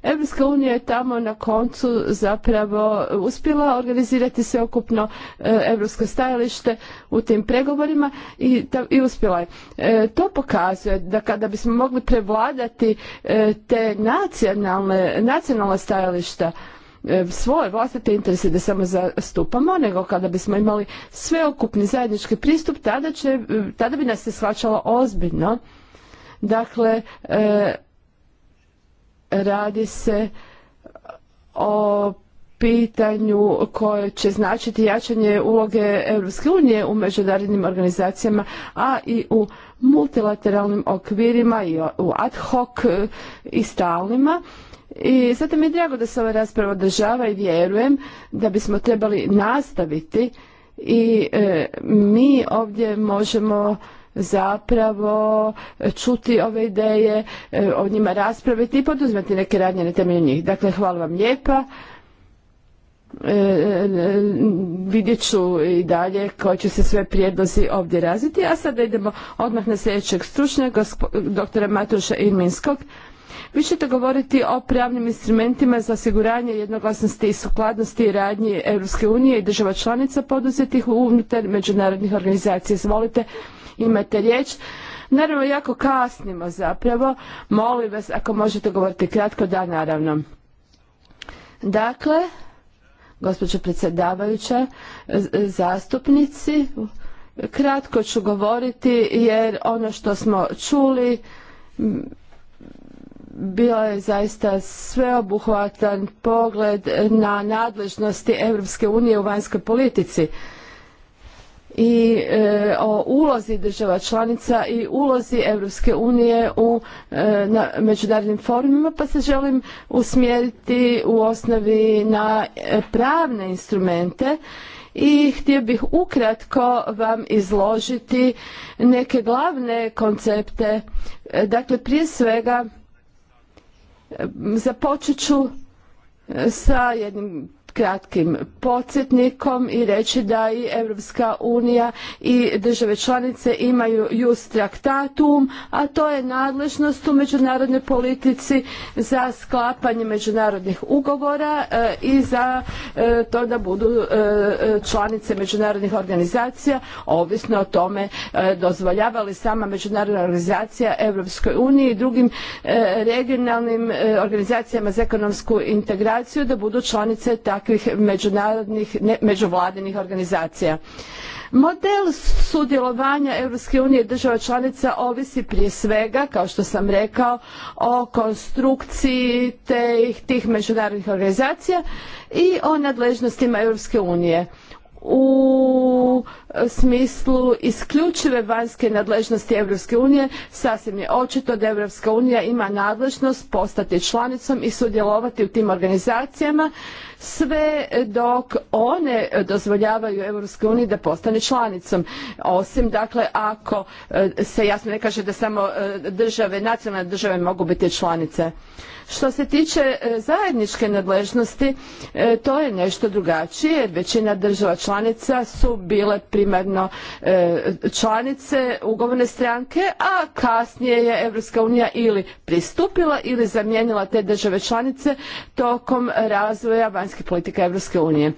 Europska unija je tamo na koncu zapravo uspjela organizirati sveokupno europsko stajalište u tim pregovorima i, uspjela je. E, to pokazuje da kada bismo mogli prevladati e, te nacionalne, nacionalna stajališta e, svoje vlastite interese da samo zastupamo, nego kada bismo imali sveokupni zajednički pristup, tada, će, tada bi nas se shvaćalo ozbiljno. Dakle, Radi se o pitanju koje će značiti jačanje uloge Europske unije u međunarodnim organizacijama, a i u multilateralnim okvirima i u ad hoc e, i stalnima. I zato mi je drago da se ova rasprava održava i vjerujem da bismo trebali nastaviti i e, mi ovdje možemo zapravo čuti ove ideje, e, o njima raspraviti i poduzmati neke radnje na temelju njih. Dakle, hvala vam lijepa. E, e, vidjet ću i dalje koji će se sve prijedlozi ovdje razviti. A sada idemo odmah na sljedećeg stručnjaka, doktora Matuša Irminskog. Vi ćete govoriti o pravnim instrumentima za osiguranje jednoglasnosti i sukladnosti radnji Europske unije i država članica poduzetih unutar međunarodnih organizacija. Izvolite imate riječ. Naravno, jako kasnimo zapravo. Molim vas, ako možete govoriti kratko, da, naravno. Dakle, gospođo predsjedavajuća, zastupnici, kratko ću govoriti jer ono što smo čuli bio je zaista sveobuhvatan pogled na nadležnosti Europske unije u vanjskoj politici i e, o ulozi država članica i ulozi Europske unije u e, međunarodnim forumima pa se želim usmjeriti u osnovi na e, pravne instrumente i htio bih ukratko vam izložiti neke glavne koncepte. Dakle, prije svega započet ću sa jednim kratkim podsjetnikom i reći da i Europska unija i države članice imaju just traktatum, a to je nadležnost u međunarodnoj politici za sklapanje međunarodnih ugovora e, i za e, to da budu e, članice međunarodnih organizacija, ovisno o tome dozvoljava li sama međunarodna organizacija Europskoj uniji i drugim regionalnim organizacijama za ekonomsku integraciju da budu članice takve takvih međunarodnih, međuvladinih organizacija. Model sudjelovanja Europske unije država članica ovisi prije svega, kao što sam rekao, o konstrukciji teh, tih međunarodnih organizacija i o nadležnostima Europske unije u smislu isključive vanjske nadležnosti Europske unije sasvim je očito da Europska unija ima nadležnost postati članicom i sudjelovati u tim organizacijama sve dok one dozvoljavaju EU da postane članicom. Osim dakle ako e, se jasno ne kaže da samo e, države, nacionalne države mogu biti članice. Što se tiče e, zajedničke nadležnosti, to je nešto drugačije. Većina država članica su bile primarno članice ugovorne stranke, a kasnije je Europska unija ili pristupila ili zamijenila te države članice tokom razvoja vanjske Europske unije.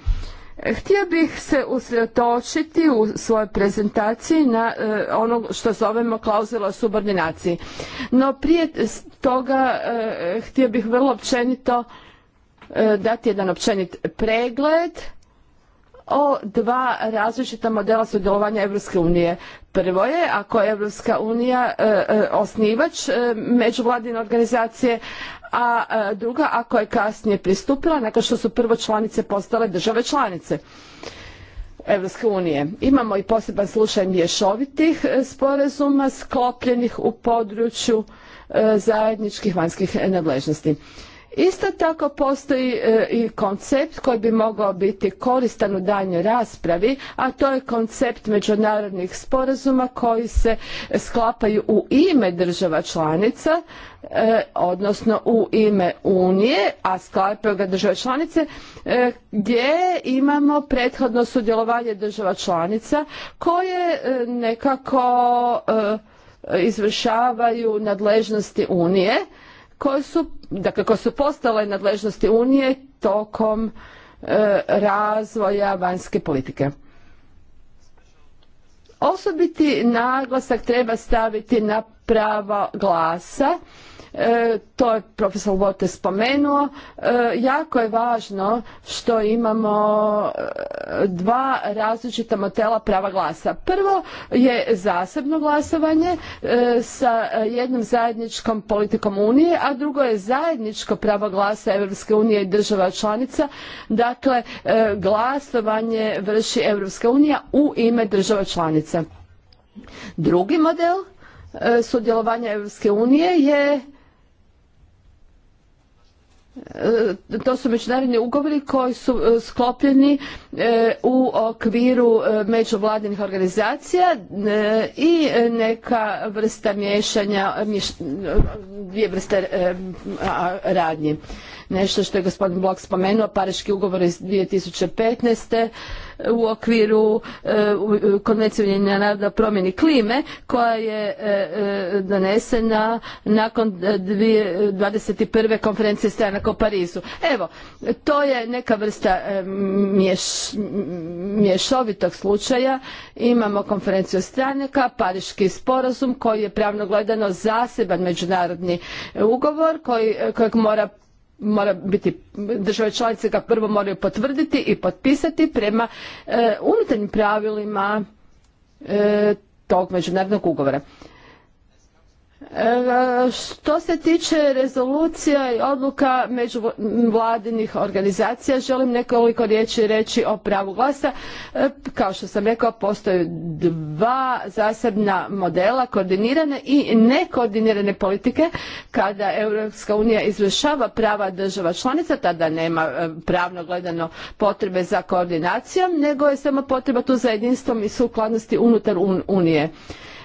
Htio bih se usredotočiti u svojoj prezentaciji na e, ono što zovemo klauzula o subordinaciji. No prije toga e, htio bih vrlo općenito e, dati jedan općenit pregled o dva različita modela sudjelovanja Europske unije. Prvo je, ako je Europska unija e, e, osnivač e, međuvladine organizacije, a druga ako je kasnije pristupila nakon što su prvo članice postale države članice. Europske unije. Imamo i poseban slučaj mješovitih sporazuma sklopljenih u području zajedničkih vanjskih nadležnosti. Isto tako postoji e, i koncept koji bi mogao biti koristan u daljnjoj raspravi, a to je koncept međunarodnih sporazuma koji se sklapaju u ime država članica, e, odnosno u ime Unije, a sklapaju ga države članice, e, gdje imamo prethodno sudjelovanje država članica koje nekako izvršavaju nadležnosti Unije koje su, dakle, koje su postale nadležnosti Unije tokom e, razvoja vanjske politike. Osobiti naglasak treba staviti na prava glasa E, to je profesor Vote spomenuo. E, jako je važno što imamo e, dva različita modela prava glasa. Prvo je zasebno glasovanje sa jednom zajedničkom politikom Unije, a drugo je zajedničko pravo glasa Europske unije i država članica. Dakle, glasovanje vrši Evropska unija u ime država članica. Drugi model sudjelovanja Europske unije je E, to su međunarodni ugovori koji su e, sklopljeni e, u okviru međuvladinih organizacija i neka vrsta miješanja, dvije vrste radnje nešto što je gospodin Blok spomenuo, Pariški ugovor iz 2015. u okviru e, Konvencije Unijenja naroda promjeni klime koja je e, e, donesena nakon 21. konferencije stranaka u Parizu. Evo, to je neka vrsta mješovitog slučaja. Imamo konferenciju stranaka, Pariški sporazum koji je pravno gledano zaseban međunarodni ugovor kojeg mora mora biti države članice ga prvo moraju potvrditi i potpisati prema e, unutarnjim pravilima e, tog međunarodnog ugovora. Što se tiče rezolucija i odluka vladinih organizacija, želim nekoliko riječi reći o pravu glasa. E, kao što sam rekao, postoje dva zasebna modela, koordinirane i nekoordinirane politike. Kada Europska unija izvršava prava država članica, tada nema e, pravno gledano potrebe za koordinacijom, nego je samo potreba tu za jedinstvom i sukladnosti unutar Unije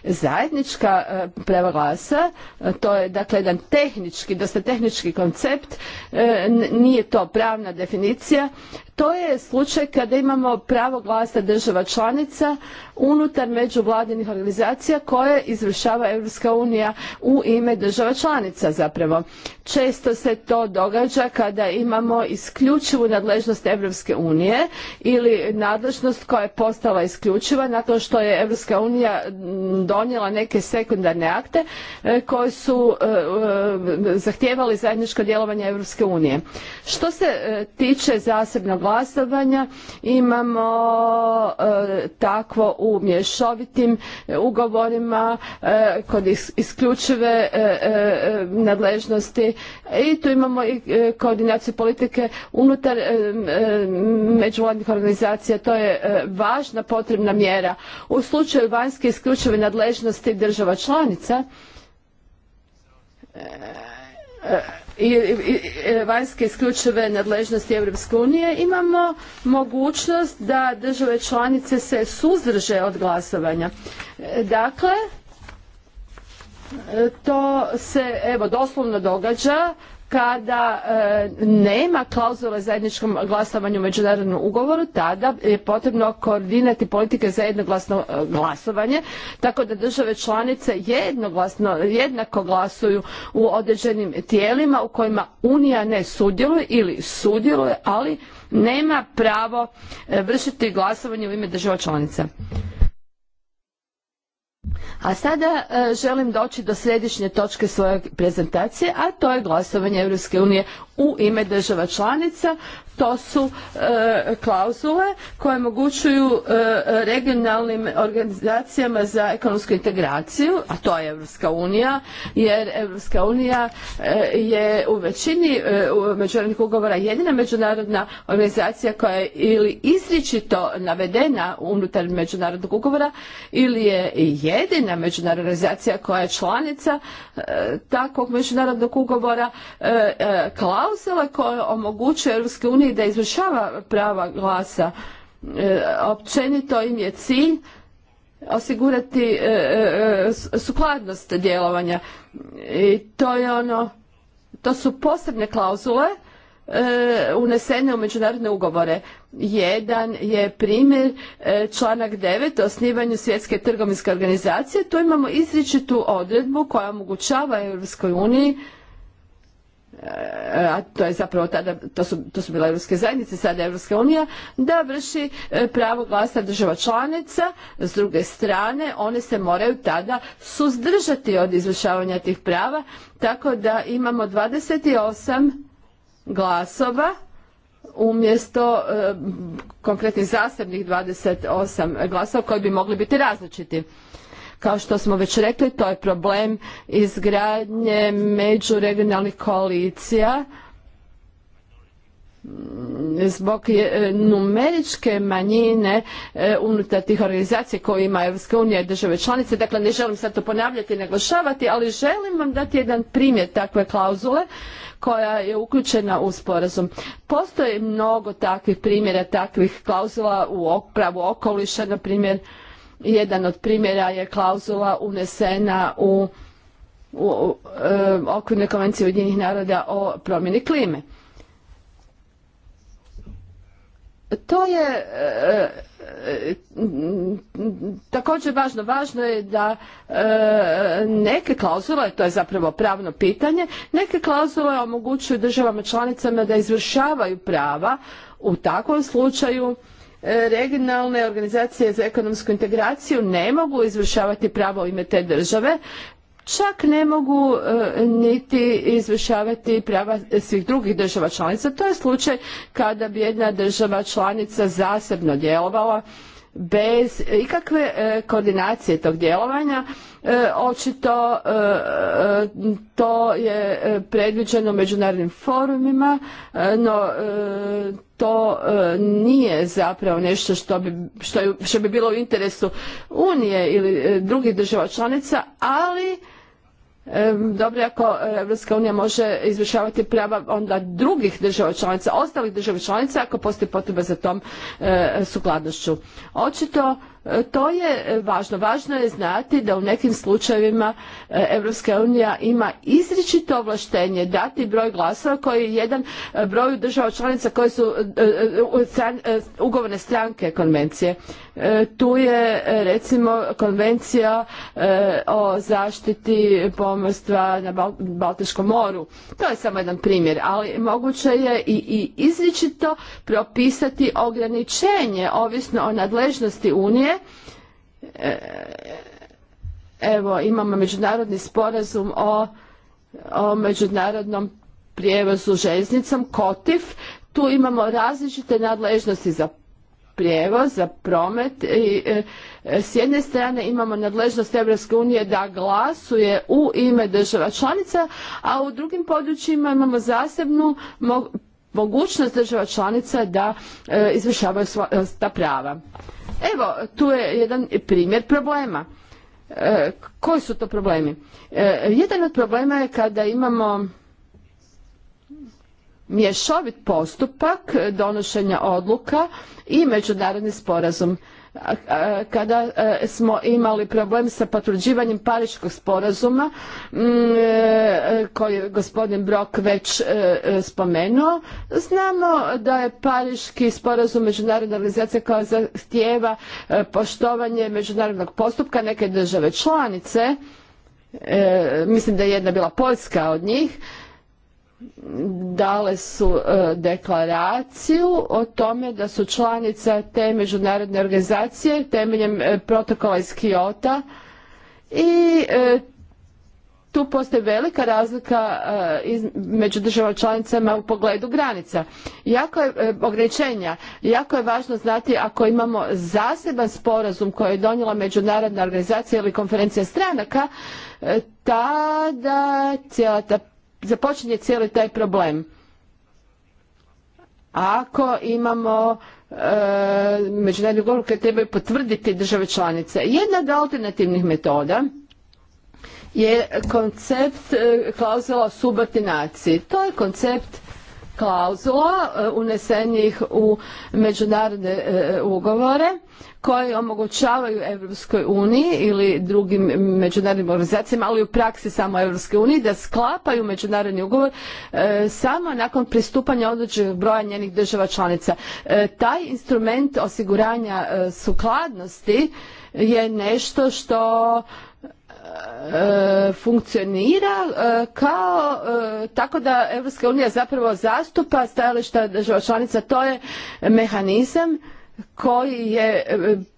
zajednička e, prava glasa, e, to je dakle jedan tehnički, dosta tehnički koncept, e, nije to pravna definicija, to je slučaj kada imamo pravo glasa država članica unutar međuvladinih organizacija koje izvršava Europska unija u ime država članica zapravo. Često se to događa kada imamo isključivu nadležnost Europske unije ili nadležnost koja je postala isključiva nakon što je Europska unija donijela neke sekundarne akte e, koji su e, e, zahtijevali zajedničko djelovanje Europske unije. Što se tiče zasebnog glasovanja, imamo takvo u mješovitim ugovorima kod isključive nadležnosti i tu imamo i koordinaciju politike unutar međuvladnih organizacija. To je važna potrebna mjera. U slučaju vanjske isključive nadležnosti nadležnosti država članica e, e, i, vanjske isključive nadležnosti Europske unije imamo mogućnost da države članice se suzdrže od glasovanja. E, dakle, to se evo doslovno događa kada e, nema klauzule zajedničkom glasovanju u međunarodnom ugovoru, tada je potrebno koordinati politike za jednoglasno e, glasovanje, tako da države članice jednoglasno, jednako glasuju u određenim tijelima u kojima Unija ne sudjeluje ili sudjeluje, ali nema pravo e, vršiti glasovanje u ime država članica. A sada e, želim doći do središnje točke svoje prezentacije, a to je glasovanje Europske unije u ime država članica to su e, klauzule koje omogućuju e, regionalnim organizacijama za ekonomsku integraciju, a to je Europska unija, jer Europska unija e, je u većini međunarodnih ugovora jedina međunarodna organizacija koja je ili izričito navedena unutar međunarodnog ugovora ili je jedina međunarodna organizacija koja je članica takvog međunarodnog ugovora klauzule klauzule koje omogućuje Europske unije da izvršava prava glasa. E, općenito im je cilj osigurati e, e, sukladnost djelovanja. I to je ono, to su posebne klauzule unesene u međunarodne ugovore. Jedan je primjer članak 9 o osnivanju svjetske trgovinske organizacije. Tu imamo izričitu odredbu koja omogućava Europskoj uniji E, a to je zapravo tada, to su, to su bile Europske zajednice, sada Europska unija, da vrši e, pravo glasa država članica, s druge strane one se moraju tada suzdržati od izvršavanja tih prava, tako da imamo 28 glasova umjesto e, konkretnih zasebnih 28 glasova koji bi mogli biti različiti. Kao što smo već rekli, to je problem izgradnje međuregionalnih koalicija zbog e, numeričke manjine e, unutar tih organizacija koje ima EU i države članice. Dakle, ne želim sad to ponavljati i naglašavati, ali želim vam dati jedan primjer takve klauzule koja je uključena u sporazum. Postoji mnogo takvih primjera, takvih klauzula u pravu okoliša, na primjer, jedan od primjera je klauzula unesena u, e, okvirne konvencije Ujedinjenih naroda o promjeni klime. To je e, e, također važno. Važno je da neke klauzule, to je zapravo pravno pitanje, neke klauzule omogućuju državama članicama da izvršavaju prava u takvom slučaju E, regionalne organizacije za ekonomsku integraciju ne mogu izvršavati pravo ime te države, čak ne mogu e, niti izvršavati prava svih drugih država članica. To je slučaj kada bi jedna država članica zasebno djelovala bez ikakve e, koordinacije tog djelovanja e, očito e, to je predviđeno međunarodnim forumima no to nije zapravo nešto što bi, što, što bi bilo u interesu unije ili drugih država članica ali dobro, ako Europska unija može izvršavati prava onda drugih država članica, ostalih država članica, ako postoji potreba za tom e, sukladnošću. Očito E, to je važno. Važno je znati da u nekim slučajevima Europska unija ima izričito ovlaštenje dati broj glasova koji je jedan e, broj država članica koje su e, ugovorne stranke konvencije. Tu je recimo konvencija o zaštiti pomorstva na Baltičkom moru. To je samo jedan primjer, ali moguće je i izričito propisati ograničenje ovisno o nadležnosti Unije E, evo, imamo međunarodni sporazum o, o međunarodnom prijevozu željeznicom, KOTIF. Tu imamo različite nadležnosti za prijevoz, za promet i e, s jedne strane imamo nadležnost EU unije da glasuje u ime država članica, a u drugim područjima imamo zasebnu mogućnost država članica da e, izvršavaju ta prava. Evo, tu je jedan primjer problema. E, koji su to problemi? E, jedan od problema je kada imamo mješovit postupak donošenja odluka i međunarodni sporazum. Kada e, smo imali problem sa potvrđivanjem Pariškog sporazuma e, koji je gospodin Brok već e, spomenuo, znamo da je Pariški sporazum međunarodna organizacija koja zahtijeva poštovanje međunarodnog postupka neke države članice, mislim da je jedna bila Poljska od njih, dale su e, deklaraciju o tome da su članica te međunarodne organizacije temeljem e, protokola iz Kiota i e, tu postoji velika razlika među državama članicama u pogledu granica. Jako je, ograničenja, jako je važno znati ako imamo zaseban sporazum koji je donijela međunarodna organizacija ili konferencija stranaka, tada cijela ta započinje cijeli taj problem. ako imamo e, ugovore koji trebaju potvrditi države članice, jedna od alternativnih metoda je koncept e, klauzula subordinacije To je koncept klauzula e, unesenih u međunarodne e, ugovore koji omogućavaju Evropskoj uniji ili drugim međunarodnim organizacijama, ali u praksi samo Evropske uniji, da sklapaju međunarodni ugovor e, samo nakon pristupanja određenog broja njenih država članica. taj instrument osiguranja sukladnosti je nešto što E, funkcionira e, kao e, tako da Europska unija zapravo zastupa stajališta država članica to je mehanizam koji je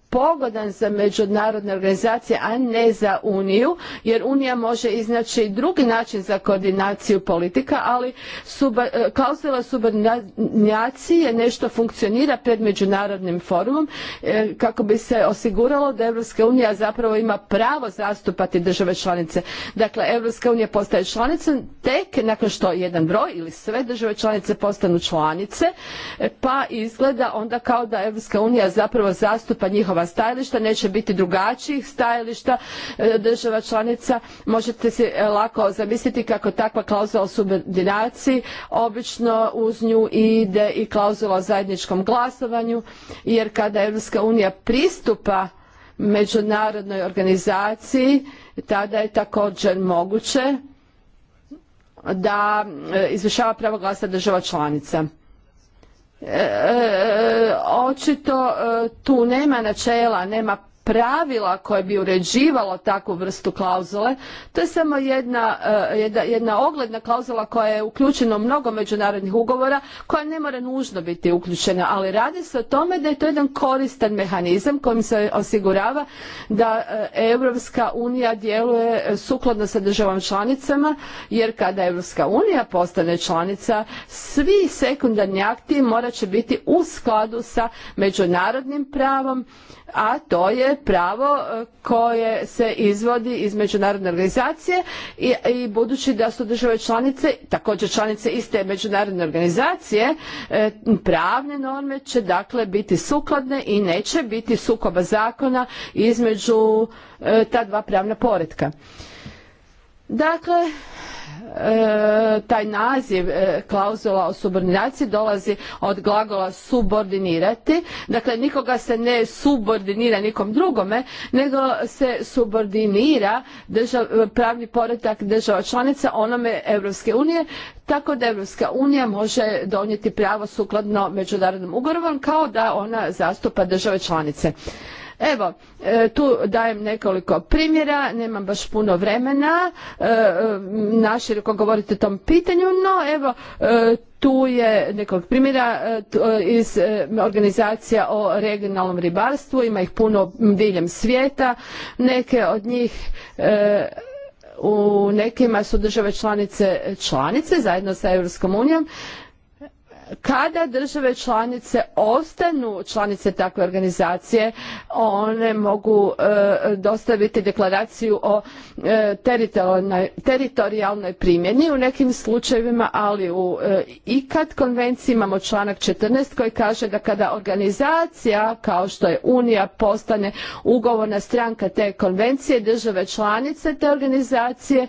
pogodan za međunarodne organizacije, a ne za Uniju, jer Unija može iznaći i drugi način za koordinaciju politika, ali suba, e, klauzula subordinacije nešto funkcionira pred međunarodnim forumom e, kako bi se osiguralo da Evropska unija zapravo ima pravo zastupati države članice. Dakle, Europska unija postaje članica tek nakon što jedan broj ili sve države članice postanu članice, e, pa izgleda onda kao da Europska unija zapravo zastupa njihova stajališta, neće biti drugačijih stajališta e, država članica. Možete se lako zamisliti kako takva klauzula o subordinaciji obično uz nju ide i klauzula o zajedničkom glasovanju jer kada Evropska unija pristupa međunarodnoj organizaciji tada je također moguće da e, izvršava pravo glasa država članica. E, e, očito e, tu nema načela, nema pravila koje bi uređivalo takvu vrstu klauzule. To je samo eh, jedna, jedna, ogledna klauzula koja je uključena u mnogo međunarodnih ugovora koja ne mora nužno biti uključena, ali radi se o tome da je to jedan koristan mehanizam kojim se osigurava da eh, Europska unija djeluje eh, sukladno sa državom članicama jer kada Europska unija postane članica svi sekundarni akti morat će biti u skladu sa međunarodnim pravom a to je pravo e, koje se izvodi iz međunarodne organizacije i, budući da su države članice također članice iste međunarodne organizacije e, pravne norme će dakle biti sukladne i neće biti sukoba zakona između e, ta dva pravna poretka. Dakle, E, taj naziv e, klauzula o subordinaciji dolazi od glagola subordinirati. Dakle, nikoga se ne subordinira nikom drugome, nego se subordinira pravni poredak država članica onome Europske unije, tako da Europska unija može donijeti pravo sukladno međunarodnom ugovorom kao da ona zastupa države članice. Evo, e, tu dajem nekoliko primjera, nemam baš puno vremena e, e, naširoko govoriti o tom pitanju, no evo, tu je nekog primjera iz organizacija o regionalnom ribarstvu, ima ih puno diljem svijeta, neke od njih u nekima su države članice članice zajedno sa Europskom unijom kada države članice ostanu članice takve organizacije one mogu e, dostaviti deklaraciju o e, teritorijalnoj primjeni u nekim slučajevima ali u e, ikad konvenciji imamo članak 14 koji kaže da kada organizacija kao što je unija postane ugovorna stranka te konvencije države članice te organizacije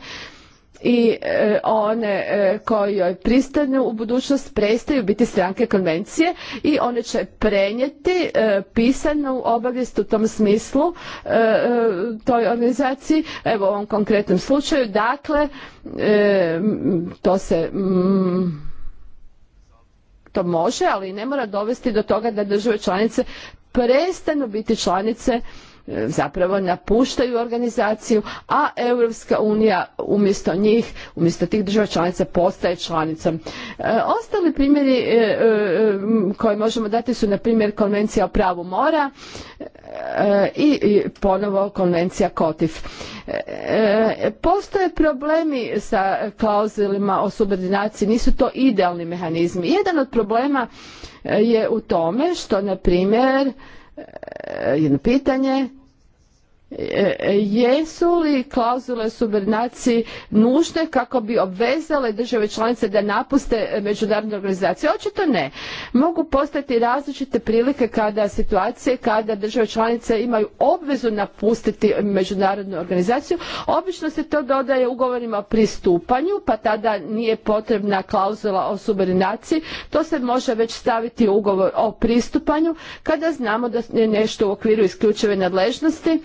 i e, one e, koje pristanu u budućnost prestaju biti stranke konvencije i one će prenijeti e, pisanu obavijest u tom smislu toj organizaciji evo u ovom konkretnom slučaju dakle to se mm, to može ali ne mora dovesti do toga da države članice prestanu biti članice E, zapravo napuštaju organizaciju, a Europska unija umjesto njih, umjesto tih država članica postaje članicom. E, ostali primjeri e, koje možemo dati su na primjer konvencija o pravu mora i ponovo konvencija KOTIF. Postoje problemi sa klauzulima o subordinaciji, nisu to idealni mehanizmi. Jedan od problema je u tome što, na primjer, jedno pitanje, E, e, jesu li klauzule subordinaciji nužne kako bi obvezale države članice da napuste međunarodne organizacije? Očito ne. Mogu postati različite prilike kada situacije, kada države članice imaju obvezu napustiti međunarodnu organizaciju. Obično se to dodaje ugovorima o pristupanju, pa tada nije potrebna klauzula o subordinaciji. To se može već staviti u ugovor o pristupanju kada znamo da je nešto u okviru isključive nadležnosti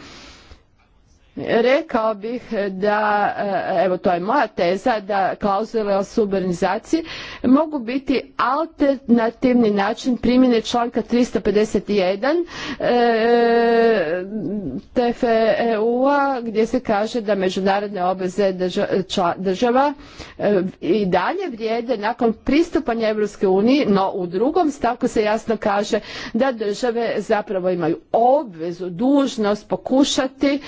Rekao bih da, e, evo to je moja teza, da klauzule o suverenizaciji mogu biti alternativni način primjene članka 351 e, TFEU-a gdje se kaže da međunarodne obveze država e, i dalje vrijede nakon pristupanja Evropske unije, no u drugom stavku se jasno kaže da države zapravo imaju obvezu, dužnost pokušati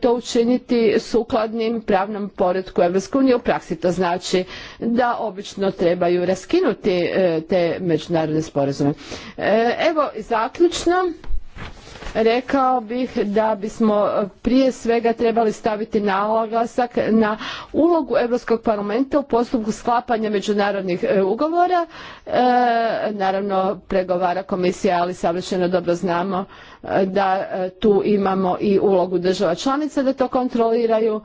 to učiniti sukladnim pravnom poredku EU unije. U praksi to znači da obično trebaju raskinuti e, te međunarodne sporazume. E, evo, zaključno, rekao bih da bismo prije svega trebali staviti naglasak na ulogu Europskog parlamenta u postupku sklapanja međunarodnih e, ugovora. E, naravno, pregovara komisija, ali savršeno dobro znamo e, da tu imamo i ulogu država članica da to kontroliraju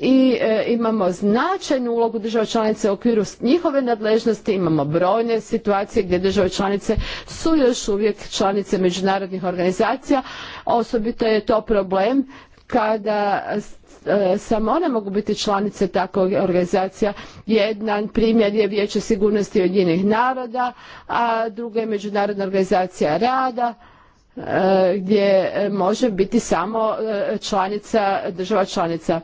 i e, imamo značajnu ulogu država članice u okviru njihove nadležnosti, imamo brojne situacije gdje države članice su još uvijek članice međunarodnih organizacija, osobito je to problem kada e, samo one mogu biti članice takvog organizacija. Jedan primjer je Vijeće sigurnosti jedinih naroda, a druga je Međunarodna organizacija rada e, gdje može biti samo članica, država članica.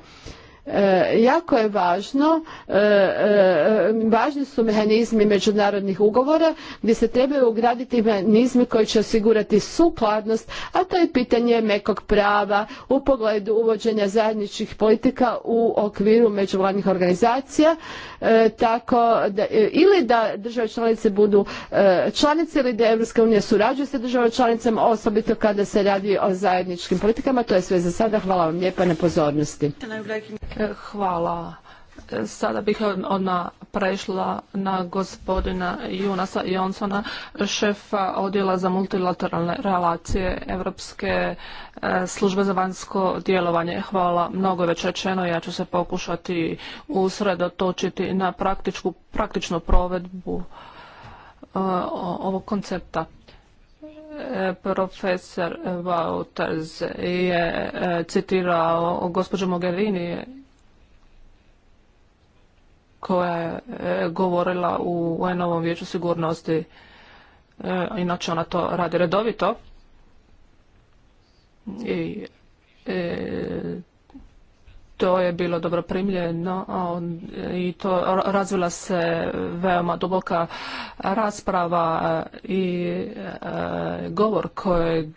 E, jako je važno, e, e, važni su mehanizmi međunarodnih ugovora gdje se trebaju ugraditi mehanizmi koji će osigurati sukladnost, a to je pitanje mekog prava u pogledu uvođenja zajedničkih politika u okviru međuvladnih organizacija, tako da, ili da države članice budu članice ili da Europska unija surađuje sa državama članicama, osobito kada se radi o zajedničkim politikama. To je sve za sada. Hvala vam lijepa na pozornosti. E, hvala. E, sada bih odmah prešla na gospodina Junasa Jonsona, šefa odjela za multilateralne relacije Europske e, službe za vanjsko djelovanje. Hvala, mnogo je već rečeno, ja ću se pokušati usredotočiti na praktičku, praktičnu provedbu ovog koncepta. Profesor Wouters je citirao gospođu Mogherini koja je e, govorila u UN-ovom vijeću sigurnosti, e, inače ona to radi redovito i e, to je bilo dobro primljeno i to razvila se veoma duboka rasprava i e, govor kojeg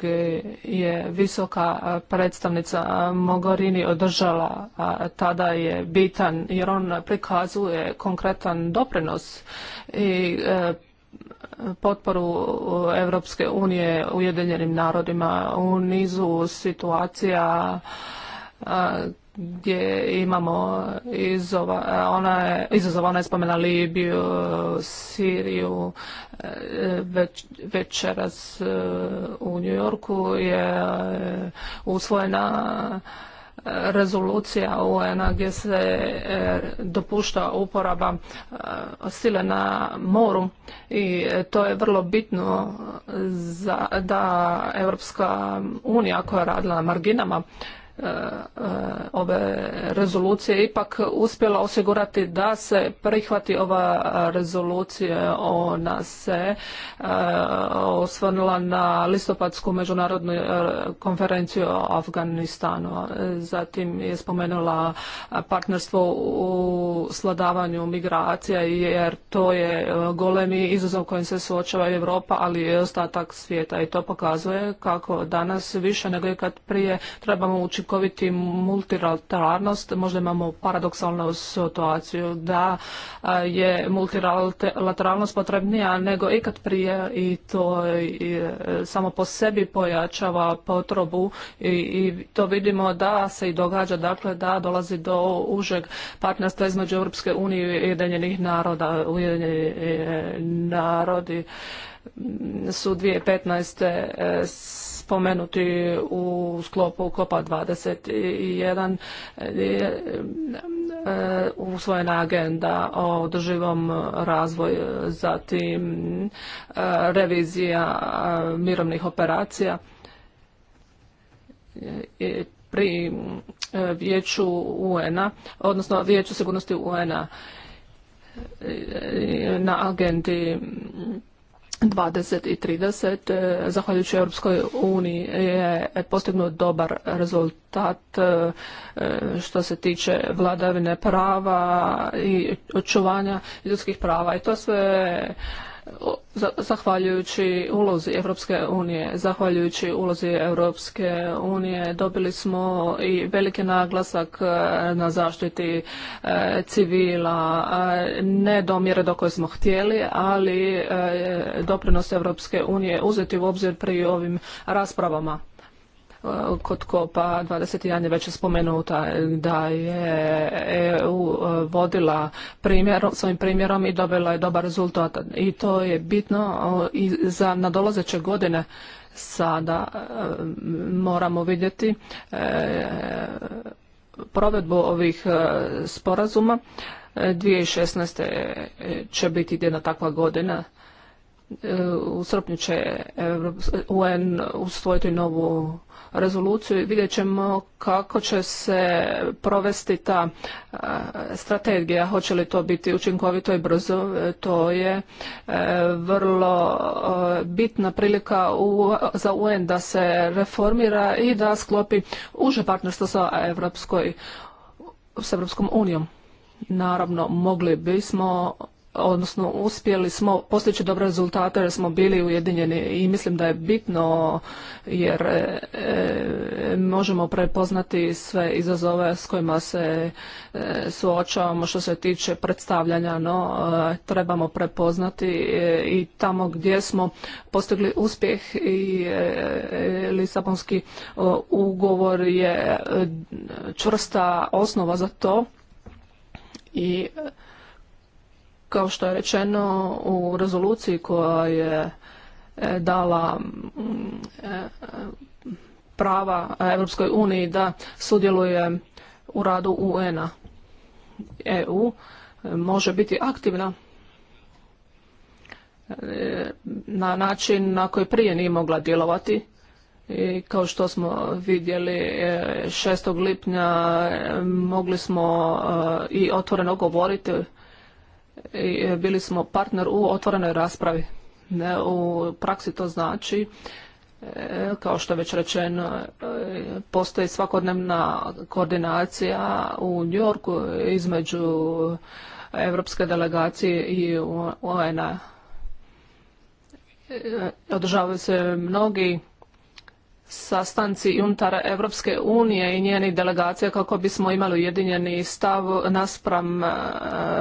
je visoka predstavnica Mogorini održala tada je bitan jer on prikazuje konkretan doprinos i e, potporu Evropske unije Ujedinjenim narodima u nizu situacija gdje imamo ona je, izazova, ona je spomena Libiju, Siriju, eh, već, večeras eh, u New Yorku je eh, usvojena rezolucija UN-a gdje se dopušta uporaba sile na moru i to je vrlo bitno za, da Europska unija koja je radila na marginama Eh, ove rezolucije ipak uspjela osigurati da se prihvati ova rezolucija. Ona se eh, osvrnula na listopadsku međunarodnu eh, konferenciju o Afganistanu. Zatim je spomenula partnerstvo u sladavanju migracija jer to je golemi izazov kojim se suočava Europa, ali i ostatak svijeta i to pokazuje kako danas više nego kad prije trebamo ući učinkoviti multilateralnost, možda imamo paradoksalnu situaciju da je multilateralnost potrebnija nego ikad prije i to samo po sebi pojačava potrobu i, to vidimo da se i događa, dakle da dolazi do užeg partnerstva između Europske unije i Ujedinjenih naroda. Ujedinjeni e, narodi su 2015 spomenuti u sklopu dvadeset 21 e, e, je usvojena agenda o održivom razvoju, zatim e, revizija mirovnih operacija pri vijeću UN-a, odnosno vijeću sigurnosti UN-a na agenti 20 i 30, e, zahvaljujući Europskoj uniji je postignut dobar rezultat e, što se tiče vladavine prava i očuvanja ljudskih prava i to sve zahvaljujući ulozi Europske unije, zahvaljujući ulozi Europske unije dobili smo i veliki naglasak e, na zaštiti e, civila, ne do mjere do koje smo htjeli, ali e, doprinos Europske unije uzeti u obzir pri ovim raspravama kod Kopa 21 je već spomenuta da je EU e, vodila primjer, svojim primjerom i dobila je dobar rezultat i to je bitno i za nadolazeće godine sada e, moramo vidjeti e, provedbu ovih sporazuma. 2016. će biti jedna takva godina E, u srpnju će UN usvojiti novu rezoluciju i vidjet ćemo kako će se provesti ta e, strategija. Hoće li to biti učinkovito i brzo? E, to je vrlo bitna prilika za UN da se reformira i da sklopi uže partnerstvo sa Evropskom unijom. Naravno, mogli bismo odnosno uspjeli smo postići dobre rezultate jer smo bili ujedinjeni i mislim da je bitno jer e, e, možemo prepoznati sve izazove s kojima se e, suočavamo što se tiče predstavljanja, no trebamo prepoznati i tamo gdje smo postigli uspjeh i Lisabonski ugovor je čvrsta osnova za to i kao što je rečeno u rezoluciji koja je e, dala mm, e, prava Europskoj uniji da sudjeluje u radu UN-a. EU e, može biti aktivna na način na koji prije nije mogla djelovati. I kao što smo vidjeli 6. lipnja mogli smo i otvoreno govoriti E, bili smo partner u otvorenoj raspravi. E, u praksi to znači e, kao što je već rečeno, postoji svakodnevna koordinacija u Njorku između Europske delegacije i un Održavaju se mnogi sastanci unutar Europske unije i njenih delegacija kako bismo imali ujedinjeni stav naspram e,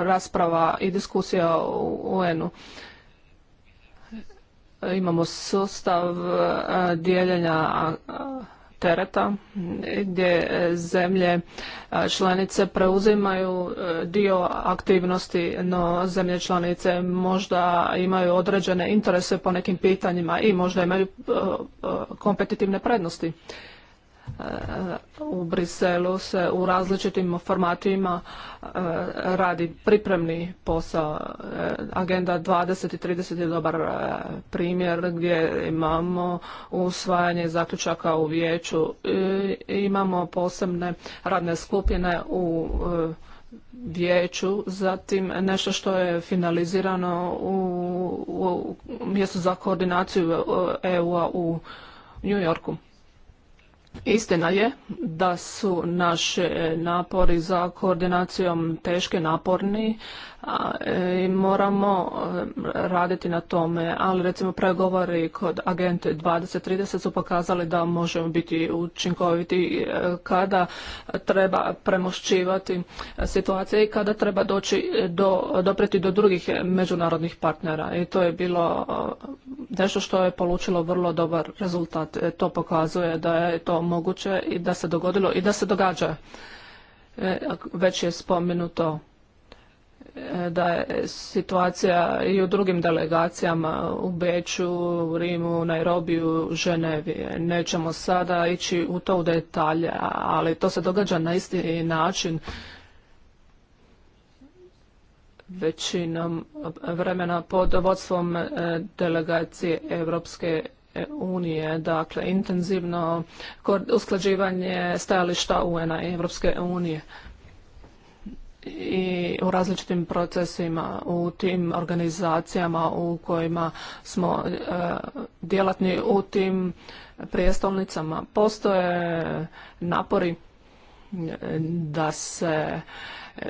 rasprava i diskusija u UN-u. Imamo sustav e, dijeljenja tereta gdje e, zemlje e, članice preuzimaju e, dio aktivnosti, no zemlje članice možda imaju određene interese po nekim pitanjima i možda imaju kompetitivne prednosti u Briselu se u različitim formatima e, radi pripremni posao. E, Agenda 20 i 30 je dobar e, primjer gdje imamo usvajanje zaključaka u vijeću. Imamo posebne radne skupine u vijeću, zatim nešto što je finalizirano u, mjestu za koordinaciju EU-a u New Yorku. Istina je da su naši eh, napori za koordinacijom teški, naporni, E, moramo e, raditi na tome, ali recimo pregovori kod agente 2030 su pokazali da možemo biti učinkoviti e, kada treba premošćivati situacije i kada treba doći do, dopreti do drugih međunarodnih partnera i to je bilo nešto što je polučilo vrlo dobar rezultat. To pokazuje da je to moguće i da se dogodilo i da se događa. Već je spomenuto da je situacija i u drugim delegacijama u Beću, u Rimu, Nairobiju, Ženevi. Nećemo sada ići u to u detalje, ali to se događa na isti način većinom vremena pod vodstvom e, delegacije Europske unije, dakle intenzivno usklađivanje stajališta UN-a i Europske unije i u različitim procesima u tim organizacijama u kojima smo e, djelatni u tim prijestolnicama postoje napori e, da se e,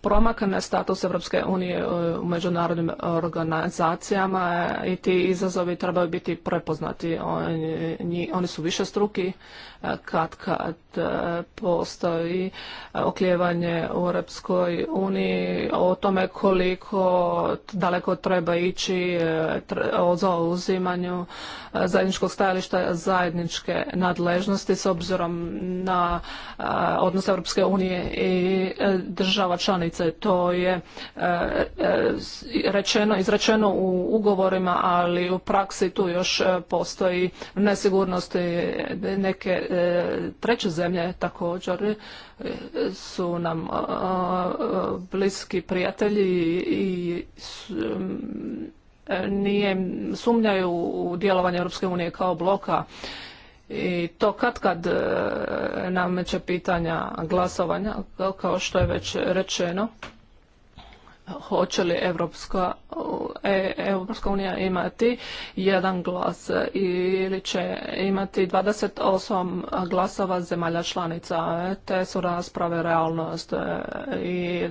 promakne status Europske unije u međunarodnim organizacijama i ti izazovi trebaju biti prepoznati. Oni, oni su više struki kad kad e, postoji okljevanje u Europskoj uniji o tome koliko daleko treba ići e, o zauzimanju e, zajedničkog stajališta zajedničke nadležnosti s obzirom na odnos Europske unije i država članice. To je rečeno, izrečeno u ugovorima, ali u praksi tu još postoji nesigurnosti neke E, treće zemlje također e, su nam e, bliski prijatelji i nije sumnjaju u djelovanje Europske unije kao bloka i to kad kad nameće pitanja glasovanja kao što je već rečeno hoće li e, Evropska, unija imati jedan glas ili će imati 28 glasova zemalja članica. Te su rasprave realnost e, i,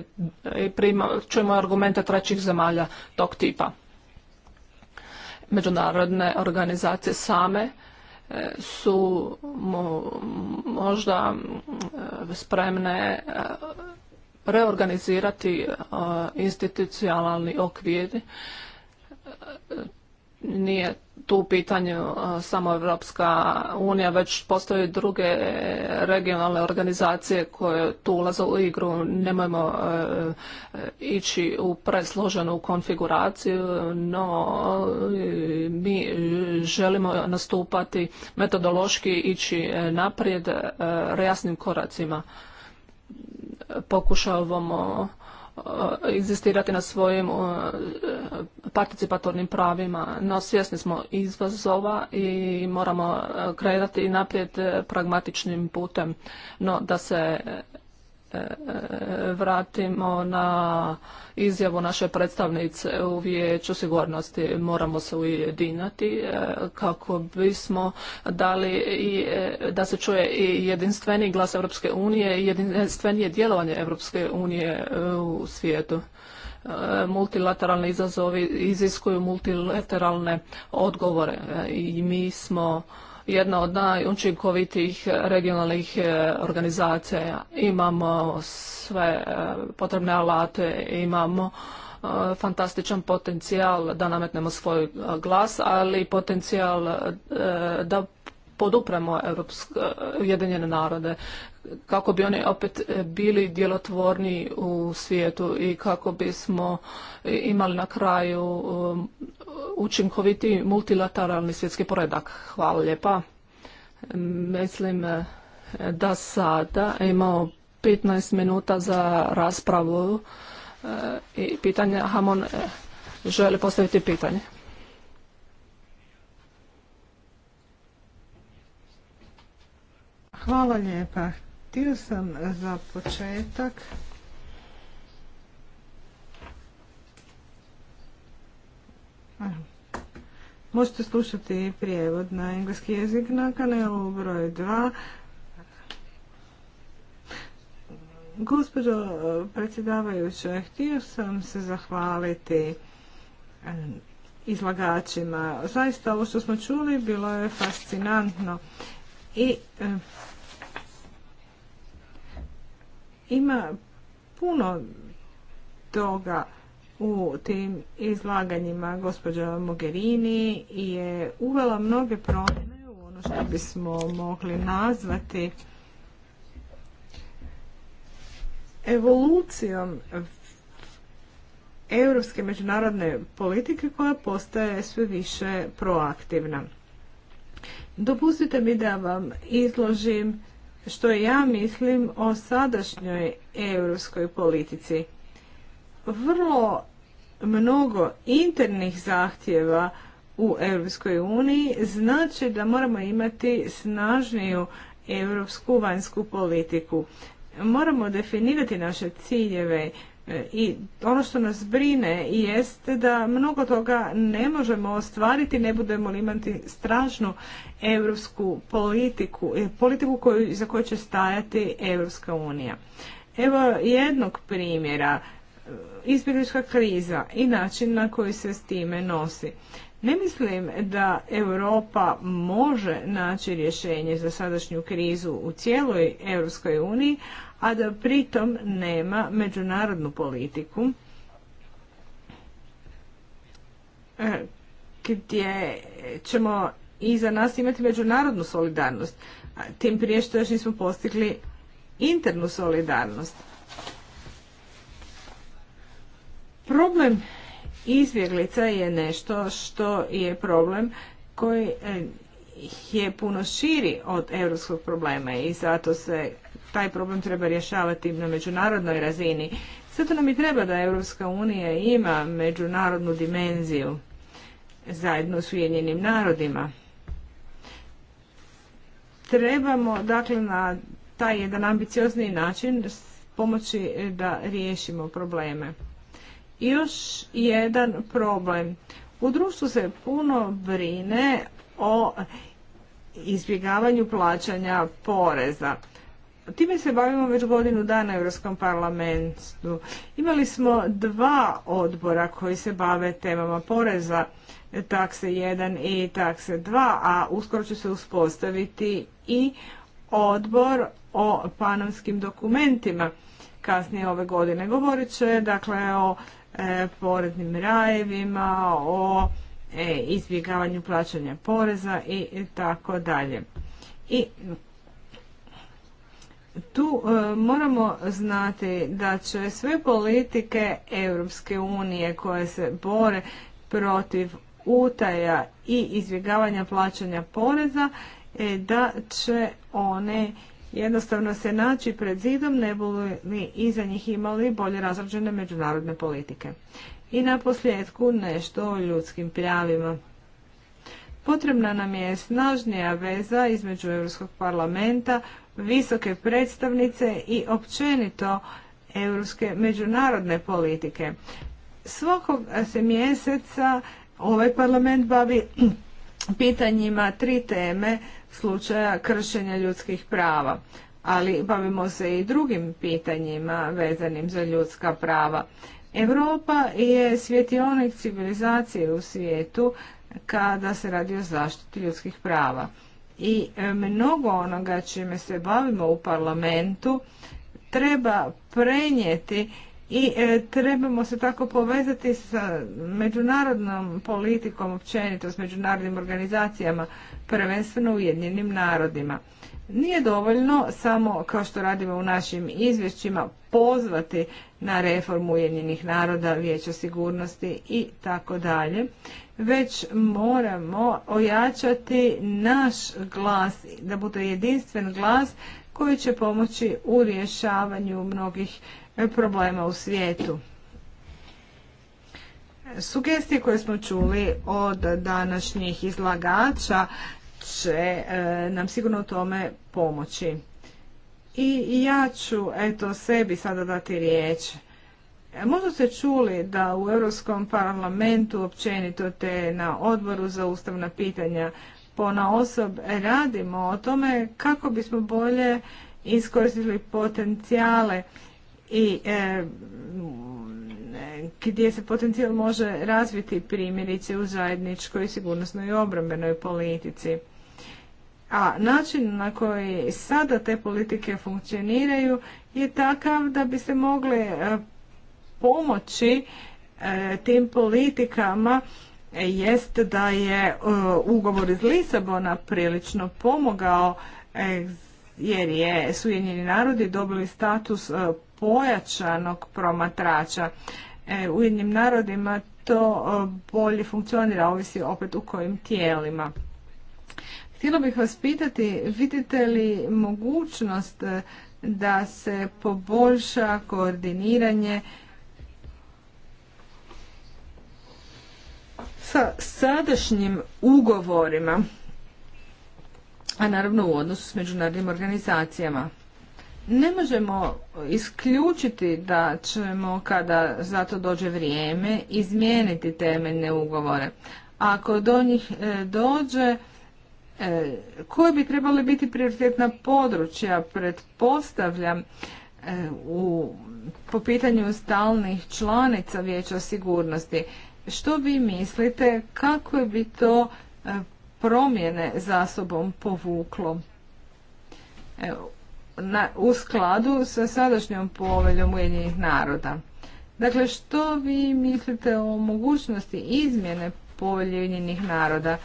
i prima, čujemo argumente trećih zemalja tog tipa. Međunarodne organizacije same e, su možda spremne reorganizirati e, institucionalni okvir. E, nije tu u pitanju e, samo Evropska unija, već postoje druge regionalne organizacije koje tu ulaze u igru. Nemojmo ići u presloženu konfiguraciju, no mi želimo nastupati metodološki, ići naprijed rejasnim koracima pokušavamo inzistirati na svojim participatornim pravima, no svjesni smo izazova i moramo e, i naprijed e, pragmatičnim putem, no da se E, vratimo na izjavu naše predstavnice u Vijeću sigurnosti. Moramo se ujedinati e, kako bismo dali i, e, da se čuje i jedinstveni glas Europske unije i jedinstvenije djelovanje Europske unije u svijetu. Multilateralni izazovi iziskuju multilateralne odgovore i mi smo jedna od najučinkovitijih regionalnih e, organizacija. Imamo sve e, potrebne alate, imamo e, fantastičan potencijal da nametnemo svoj glas, ali i potencijal da podupremo Ujedinjene narode kako bi oni opet e, bili djelotvorni u svijetu i kako bismo e, imali na kraju e, učinkoviti multilateralni svjetski poredak. Hvala lijepa. Mislim da sada imamo 15 minuta za raspravu i pitanje. Hamon želi postaviti pitanje. Hvala lijepa. Htio sam za početak Možete slušati prijevod na engleski jezik na kanalu broj 2. Gospođo predsjedavajuća, htio sam se zahvaliti izlagačima. Zaista ovo što smo čuli bilo je fascinantno i ima puno toga u tim izlaganjima gospođa Mogherini je uvela mnoge promjene u ono što bismo mogli nazvati evolucijom europske međunarodne politike koja postaje sve više proaktivna. Dopustite mi da vam izložim što ja mislim o sadašnjoj europskoj politici. Vrlo mnogo internih zahtjeva u Europskoj uniji znači da moramo imati snažniju europsku vanjsku politiku. Moramo definirati naše ciljeve, E, I ono što nas brine jest da mnogo toga ne možemo ostvariti, ne budemo li imati strašnu europsku politiku, e, politiku koju, za koju će stajati Europska unija. Evo jednog primjera, e, izbjeglička kriza i način na koji se s time nosi. Ne mislim da Europa može naći rješenje za sadašnju krizu u cijeloj Europskoj uniji, a da pritom nema međunarodnu politiku e, gdje ćemo iza nas imati međunarodnu solidarnost, tim prije što još nismo postigli internu solidarnost. Problem izbjeglica je nešto što je problem koji e, je puno širi od europskog problema i zato se taj problem treba rješavati na međunarodnoj razini. Zato nam i treba da Europska unija ima međunarodnu dimenziju zajedno s Ujedinjenim narodima. Trebamo, dakle, na taj jedan ambiciozni način pomoći da riješimo probleme. I još jedan problem. U društvu se puno brine o izbjegavanju plaćanja poreza. Time se bavimo već godinu dana u Europskom parlamentu. Imali smo dva odbora koji se bave temama poreza, takse 1 i takse 2, a uskoro će se uspostaviti i odbor o panamskim dokumentima kasnije ove godine. Govorit će dakle o e, poreznim rajevima, o e, izbjegavanju plaćanja poreza i tako dalje. I tu e, moramo znati da će sve politike Europske unije koje se bore protiv utaja i izbjegavanja plaćanja poreza e, da će one jednostavno se naći pred zidom ne budu li iza njih imali bolje razrađene međunarodne politike. I na posljedku nešto o ljudskim pravima. Potrebna nam je snažnija veza između Europskog parlamenta, visoke predstavnice i općenito europske međunarodne politike. Svakog se mjeseca ovaj parlament bavi pitanjima tri teme slučaja kršenja ljudskih prava, ali bavimo se i drugim pitanjima vezanim za ljudska prava. Europa je svjetionik civilizacije u svijetu kada se radi o zaštiti ljudskih prava. I e, mnogo onoga čime se bavimo u parlamentu treba prenijeti i e, trebamo se tako povezati sa međunarodnom politikom općenito, s međunarodnim organizacijama, prvenstveno Ujedinjenim narodima. Nije dovoljno samo, kao što radimo u našim izvješćima, pozvati na reformu Ujedinjenih naroda, vijeća sigurnosti i tako dalje, već moramo ojačati naš glas, da bude jedinstven glas koji će pomoći u rješavanju mnogih problema u svijetu. Sugestije koje smo čuli od današnjih izlagača će e, nam sigurno u tome pomoći. I ja ću eto sebi sada dati riječ. Možda ste čuli da u Europskom parlamentu općenito te na odboru za ustavna pitanja pona osob radimo o tome kako bismo bolje iskoristili potencijale i e, gdje se potencijal može razviti primjerice u zajedničkoj sigurnosnoj i obrambenoj politici. A način na koji sada te politike funkcioniraju je takav da bi se mogle e, pomoći e, tim politikama e, jest da je ugovor iz Lisabona prilično pomogao jer je Ujedinjeni narodi dobili status pojačanog promatrača. U jednim narodima to bolje funkcionira, ovisi opet u kojim tijelima. Htjela bih vas pitati, vidite li mogućnost eh, da se poboljša koordiniranje sa sadašnjim ugovorima, a naravno u odnosu s međunarodnim organizacijama. Ne možemo isključiti da ćemo, kada za to dođe vrijeme, izmijeniti temeljne ugovore. Ako do njih eh, dođe, E, koje bi trebale biti prioritetna područja, pretpostavljam, e, u, po pitanju stalnih članica Vijeća sigurnosti. Što vi mislite, kako bi to e, promjene za sobom povuklo? Na, u skladu sa sadašnjom poveljom Ujedinjenih naroda. Dakle, što vi mislite o mogućnosti izmjene povelje naroda?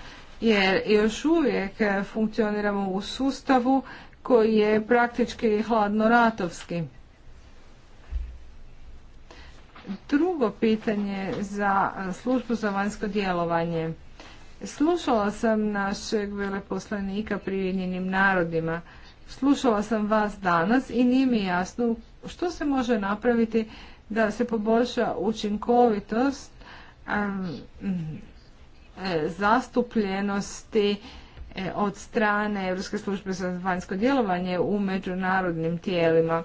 jer još uvijek e, funkcioniramo u sustavu koji je praktički hladnoratovski. Drugo pitanje za službu za vanjsko djelovanje. Slušala sam našeg veleposlanika pri narodima. Slušala sam vas danas i nije mi jasno što se može napraviti da se poboljša učinkovitost E, zastupljenosti e, od strane Europske službe za vanjsko djelovanje u međunarodnim tijelima.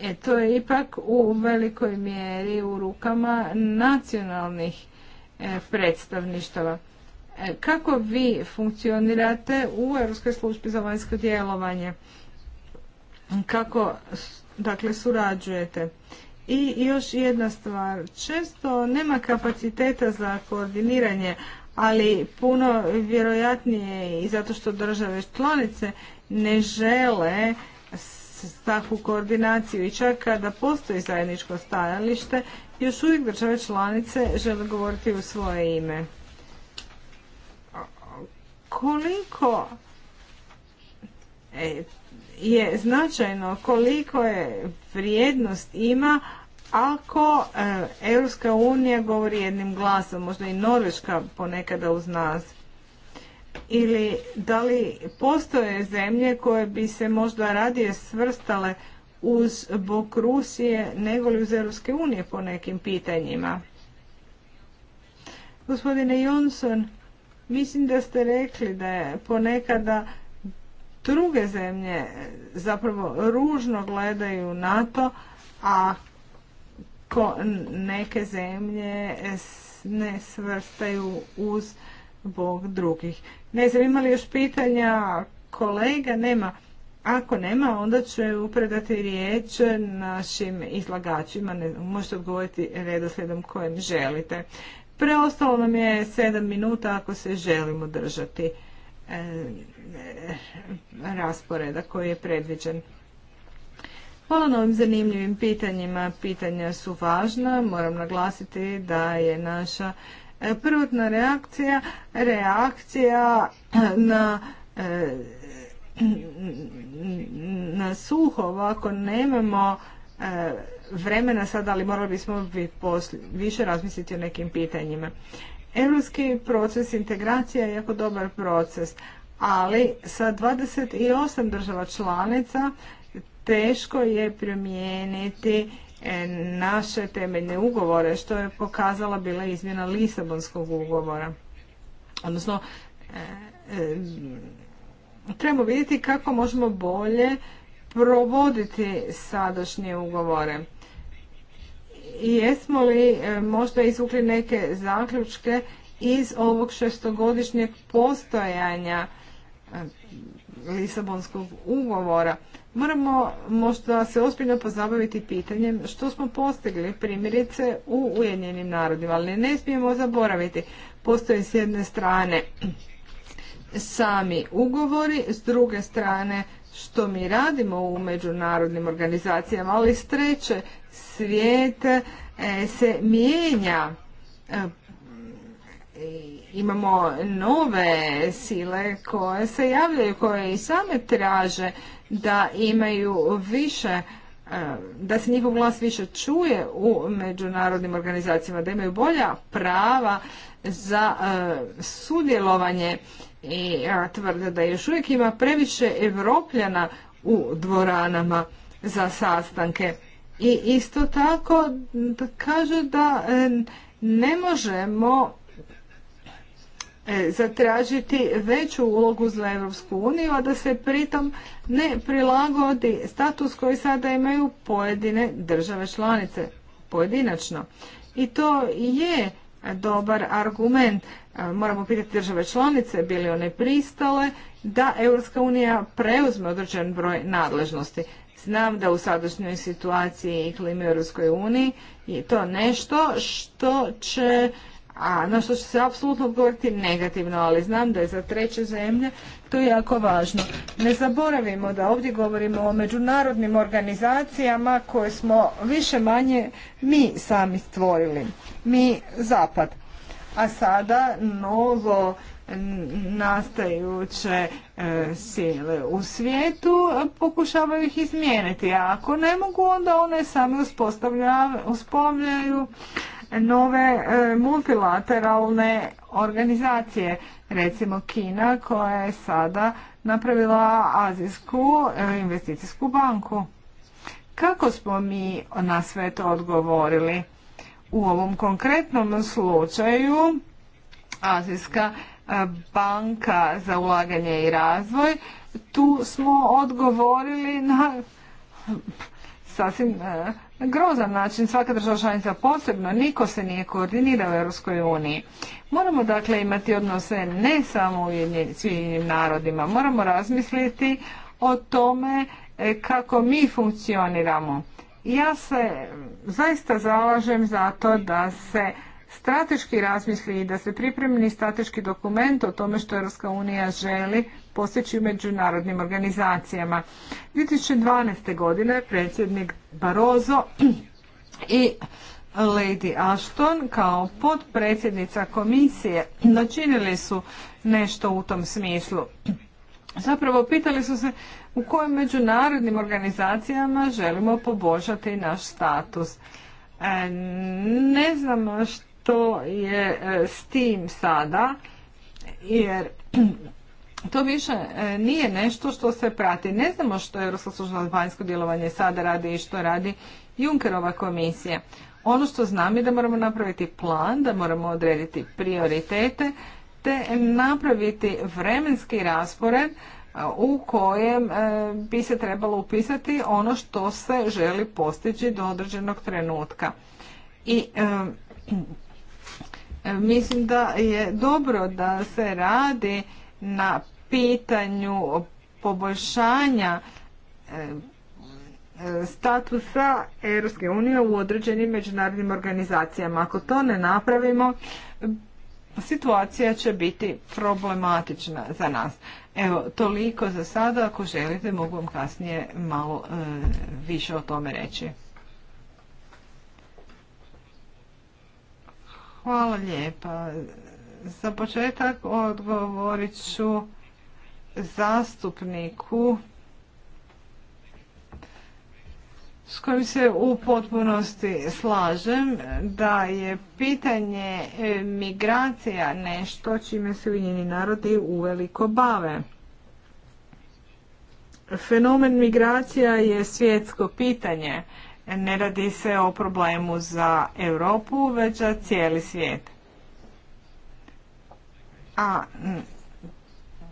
E, to je ipak u velikoj mjeri u rukama nacionalnih e, predstavništava. Kako vi funkcionirate u Europskoj službi za vanjsko djelovanje? Kako dakle, surađujete? I još jedna stvar, često nema kapaciteta za koordiniranje, ali puno vjerojatnije i zato što države članice ne žele takvu koordinaciju i čak kada postoji zajedničko stajalište, još uvijek države članice žele govoriti u svoje ime. Koliko e, je značajno, koliko je vrijednost ima ako e, Europska unija govori jednim glasom, možda i Norveška ponekada uz nas, ili da li postoje zemlje koje bi se možda radije svrstale uz bok Rusije nego li uz Europske unije po nekim pitanjima? Gospodine Jonson mislim da ste rekli da je ponekada druge zemlje zapravo ružno gledaju NATO, a ko neke zemlje ne svrstaju uz bog drugih. Ne znam, imali još pitanja kolega? Nema. Ako nema, onda ću upredati riječ našim izlagačima. Ne, možete odgovoriti redoslijedom kojem želite. Preostalo nam je sedam minuta ako se želimo držati e, e rasporeda koji je predviđen. Hvala na ovim zanimljivim pitanjima. Pitanja su važna. Moram naglasiti da je naša e, prvotna reakcija reakcija e, na e, na suho ovako nemamo vremena sad, ali morali bismo više razmisliti o nekim pitanjima. Europski proces integracija je jako dobar proces, ali sa 28 država članica teško je promijeniti e, naše temeljne ugovore, što je pokazala bila izmjena Lisabonskog ugovora. Odnosno, e, e, trebamo vidjeti kako možemo bolje provoditi sadašnje ugovore. I jesmo li možda izvukli neke zaključke iz ovog šestogodišnjeg postojanja Lisabonskog ugovora? Moramo možda se ozbiljno pozabaviti pitanjem što smo postigli primjerice u Ujedinjenim narodima, ali ne smijemo zaboraviti. Postoje s jedne strane sami ugovori, s druge strane što mi radimo u međunarodnim organizacijama, ali s treće svijet e, se mijenja e, imamo nove sile koje se javljaju, koje i same traže da imaju više e, da se njihov glas više čuje u međunarodnim organizacijama, da imaju bolja prava za e, sudjelovanje i ja tvrde da još uvijek ima previše Evropljana u dvoranama za sastanke. I isto tako kaže da e, ne možemo E, zatražiti veću ulogu za Europsku uniju, a da se pritom ne prilagodi status koji sada imaju pojedine države članice pojedinačno. I to je dobar argument. E, moramo pitati države članice, bili one pristale da Europska unija preuzme određen broj nadležnosti. Znam da u sadašnjoj situaciji klime Europskoj uniji je to nešto što će a na što će se apsolutno govoriti negativno, ali znam da je za treće zemlje to jako važno. Ne zaboravimo da ovdje govorimo o međunarodnim organizacijama koje smo više manje mi sami stvorili, mi zapad. A sada novo nastajuće e, sile u svijetu pokušavaju ih izmijeniti, a ako ne mogu onda one same uspostavljaju nove e, multilateralne organizacije, recimo Kina koja je sada napravila Azijsku e, investicijsku banku. Kako smo mi na sve to odgovorili? U ovom konkretnom slučaju Azijska e, banka za ulaganje i razvoj, tu smo odgovorili na sasvim grozan način, svaka država članica posebno, niko se nije koordinirao u Europskoj uniji. Moramo dakle imati odnose ne samo u narodima, moramo razmisliti o tome e, kako mi funkcioniramo. Ja se zaista zalažem za to da se strateški razmisli i da se pripremni strateški dokument o tome što Europska unija želi postići u međunarodnim organizacijama. 2012. godine predsjednik Barozo i Lady Ashton kao podpredsjednica komisije načinili su nešto u tom smislu. Zapravo pitali su se u kojim međunarodnim organizacijama želimo poboljšati naš status. E, ne znamo što je e, s tim sada jer to više e, nije nešto što se prati. Ne znamo što Europska služba za vanjsko djelovanje sada radi i što radi Junkerova komisija. Ono što znam je da moramo napraviti plan, da moramo odrediti prioritete, te napraviti vremenski raspored e, u kojem e, bi se trebalo upisati ono što se želi postići do određenog trenutka. I mislim da je dobro da se radi na pitanju poboljšanja e, statusa Europske unije u određenim međunarodnim organizacijama. Ako to ne napravimo, situacija će biti problematična za nas. Evo, toliko za sada. Ako želite, mogu vam kasnije malo e, više o tome reći. Hvala lijepa za početak odgovorit ću zastupniku s kojim se u potpunosti slažem da je pitanje e, migracija nešto čime se Ujedinjeni narodi uveliko bave. Fenomen migracija je svjetsko pitanje. Ne radi se o problemu za Europu, već za cijeli svijet a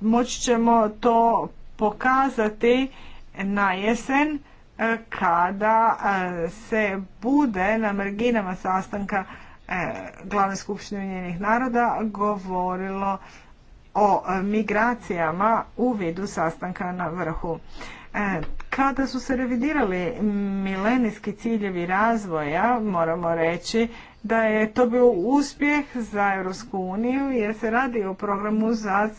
moći ćemo to pokazati na jesen e, kada e, se bude na marginama sastanka e, glavne skupštine Njenih naroda govorilo o migracijama u vidu sastanka na vrhu. Kada su se revidirali milenijski ciljevi razvoja, moramo reći da je to bio uspjeh za Europsku uniju jer se radi o programu za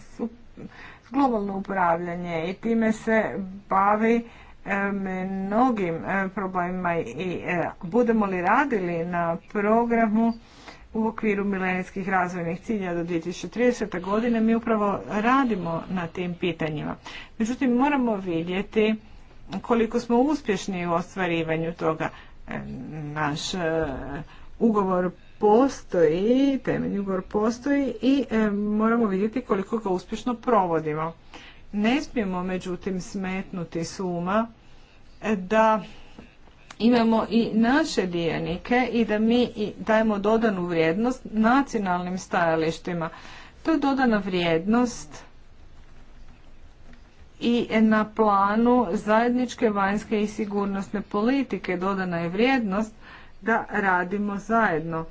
globalno upravljanje i time se bavi e, mnogim e, problemima i e, budemo li radili na programu u okviru milenijskih razvojnih cilja do 2030. godine mi upravo radimo na tim pitanjima. Međutim, moramo vidjeti koliko smo uspješni u ostvarivanju toga. Naš ugovor postoji, temeljni ugovor postoji i e, moramo vidjeti koliko ga uspješno provodimo. Ne smijemo međutim smetnuti suma e, da imamo i naše dijenike i da mi dajemo dodanu vrijednost nacionalnim stajalištima. To je dodana vrijednost i na planu zajedničke vanjske i sigurnosne politike dodana je vrijednost da radimo zajedno.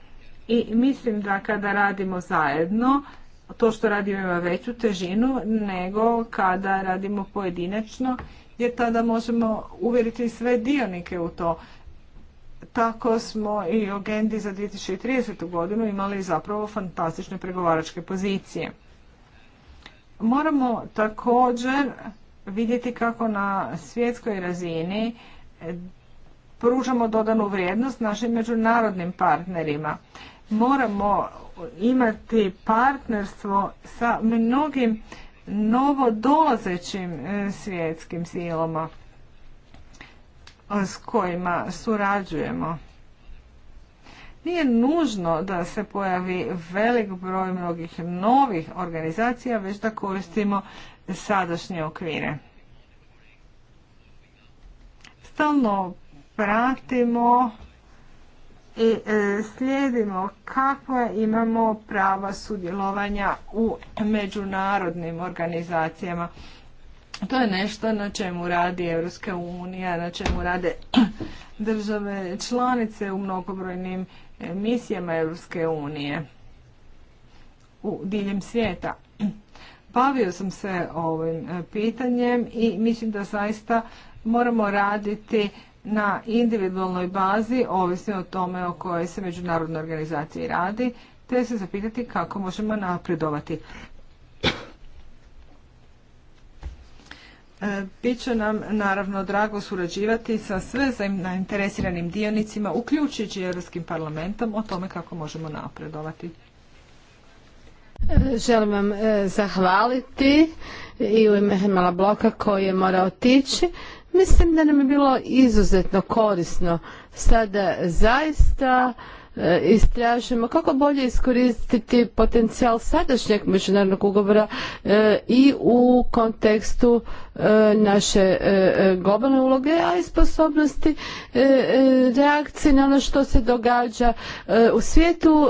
I mislim da kada radimo zajedno, to što radimo ima veću težinu nego kada radimo pojedinačno, jer tada možemo uvjeriti sve dionike u to. Tako smo i u agendi za 2030. godinu imali zapravo fantastične pregovaračke pozicije. Moramo također vidjeti kako na svjetskoj razini pružamo dodanu vrijednost našim međunarodnim partnerima. Moramo imati partnerstvo sa mnogim novo e, svjetskim silama s kojima surađujemo. Nije nužno da se pojavi velik broj mnogih novih organizacija, već da koristimo sadašnje okvire. Stalno pratimo i e, slijedimo kakva imamo prava sudjelovanja u međunarodnim organizacijama. To je nešto na čemu radi Europska unija, na čemu rade države članice u mnogobrojnim e, misijama Europske unije u diljem svijeta. Bavio sam se ovim e, pitanjem i mislim da zaista moramo raditi na individualnoj bazi, ovisno o tome o kojoj se međunarodnoj organizaciji radi, te se zapitati kako možemo napredovati. E, Biće nam naravno drago surađivati sa sve zainteresiranim dionicima, uključujući Europskim parlamentom, o tome kako možemo napredovati. Želim vam e, zahvaliti i u ime Hemala Bloka koji je morao otići. Mislim da nam je bilo izuzetno korisno. Sada zaista E, istražimo kako bolje iskoristiti potencijal sadašnjeg međunarodnog ugovora e, i u kontekstu e, naše globalne uloge, a i sposobnosti reakcije na ono što se događa u svijetu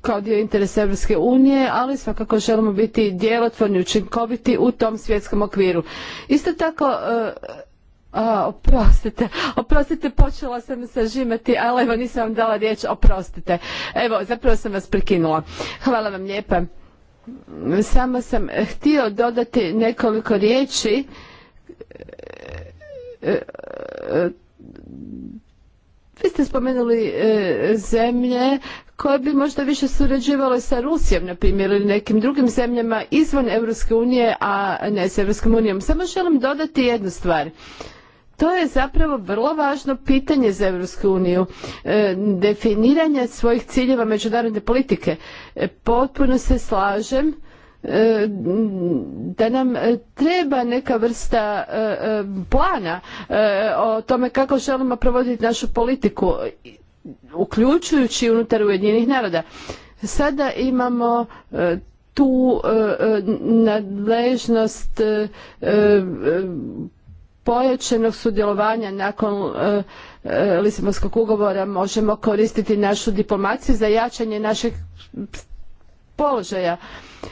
kao dio interesa Europske unije, ali svakako želimo biti djelotvorni, učinkoviti u tom svjetskom okviru. Isto tako oprostite, oprostite, počela sam se žimati, ali evo nisam vam dala riječ, oprostite. Evo, zapravo sam vas prekinula. Hvala vam lijepa. Samo sam htio dodati nekoliko riječi e, e, e, vi ste spomenuli zemlje koje bi možda više surađivale sa Rusijom, na primjer, ili nekim drugim zemljama izvan Europske unije, a ne s Europskom unijom. Samo želim dodati jednu stvar. To je zapravo vrlo važno pitanje za Europsku uniju. E, definiranje svojih ciljeva međunarodne politike. E, potpuno se slažem e, da nam treba neka vrsta plana o tome kako želimo provoditi našu politiku uključujući unutar Ujedinjenih naroda. Sada imamo tu nadležnost pojačanog sudjelovanja nakon e, e, Lisabonskog ugovora možemo koristiti našu diplomaciju za jačanje našeg položaja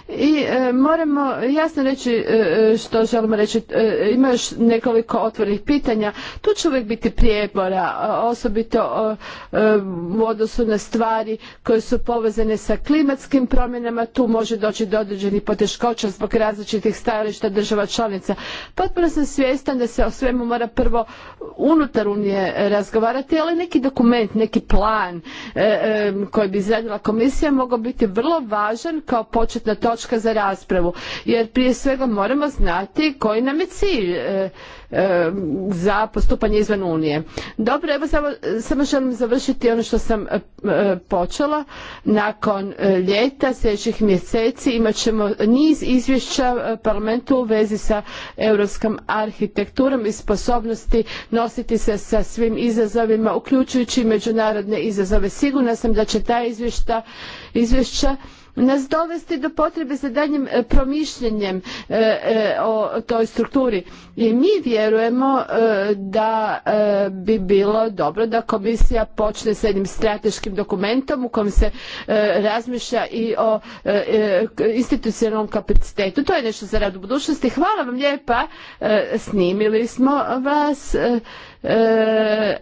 i e, moramo jasno reći e, što želimo reći. E, ima još nekoliko otvornih pitanja. Tu će uvijek biti prijebora osobito u odnosu na stvari koje su povezane sa klimatskim promjenama. Tu može doći do određenih poteškoća zbog različitih stajališta država članica. Potpuno sam svjestan da se o svemu mora prvo unutar Unije razgovarati, ali neki dokument, neki plan koji bi izradila komisija mogao biti vrlo važan kao početna točka za raspravu. Jer prije svega moramo znati koji nam je cilj e, e, za postupanje izvan Unije. Dobro, evo samo, želim završiti ono što sam e, počela. Nakon ljeta, sljedećih mjeseci imat ćemo niz izvješća parlamentu u vezi sa europskom arhitekturom i sposobnosti nositi se sa svim izazovima, uključujući međunarodne izazove. Sigurna sam da će ta izvješća, izvješća nas dovesti do potrebe za daljnjim e, promišljenjem e, e, o toj strukturi. I mi vjerujemo da bi bilo dobro da komisija počne s jednim strateškim dokumentom u kojem se razmišlja i o institucionalnom kapacitetu. To je nešto za rad u budućnosti. Hvala vam lijepa. Snimili smo vas. E,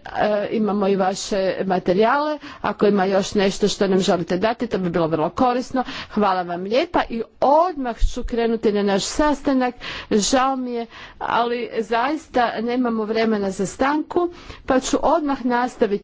imamo i vaše materijale. Ako ima još nešto što nam želite dati, to bi bilo vrlo korisno. Hvala vam lijepa i odmah ću krenuti na naš sastanak. Žao mi je, ali zaista nemamo vremena za stanku, pa ću odmah nastaviti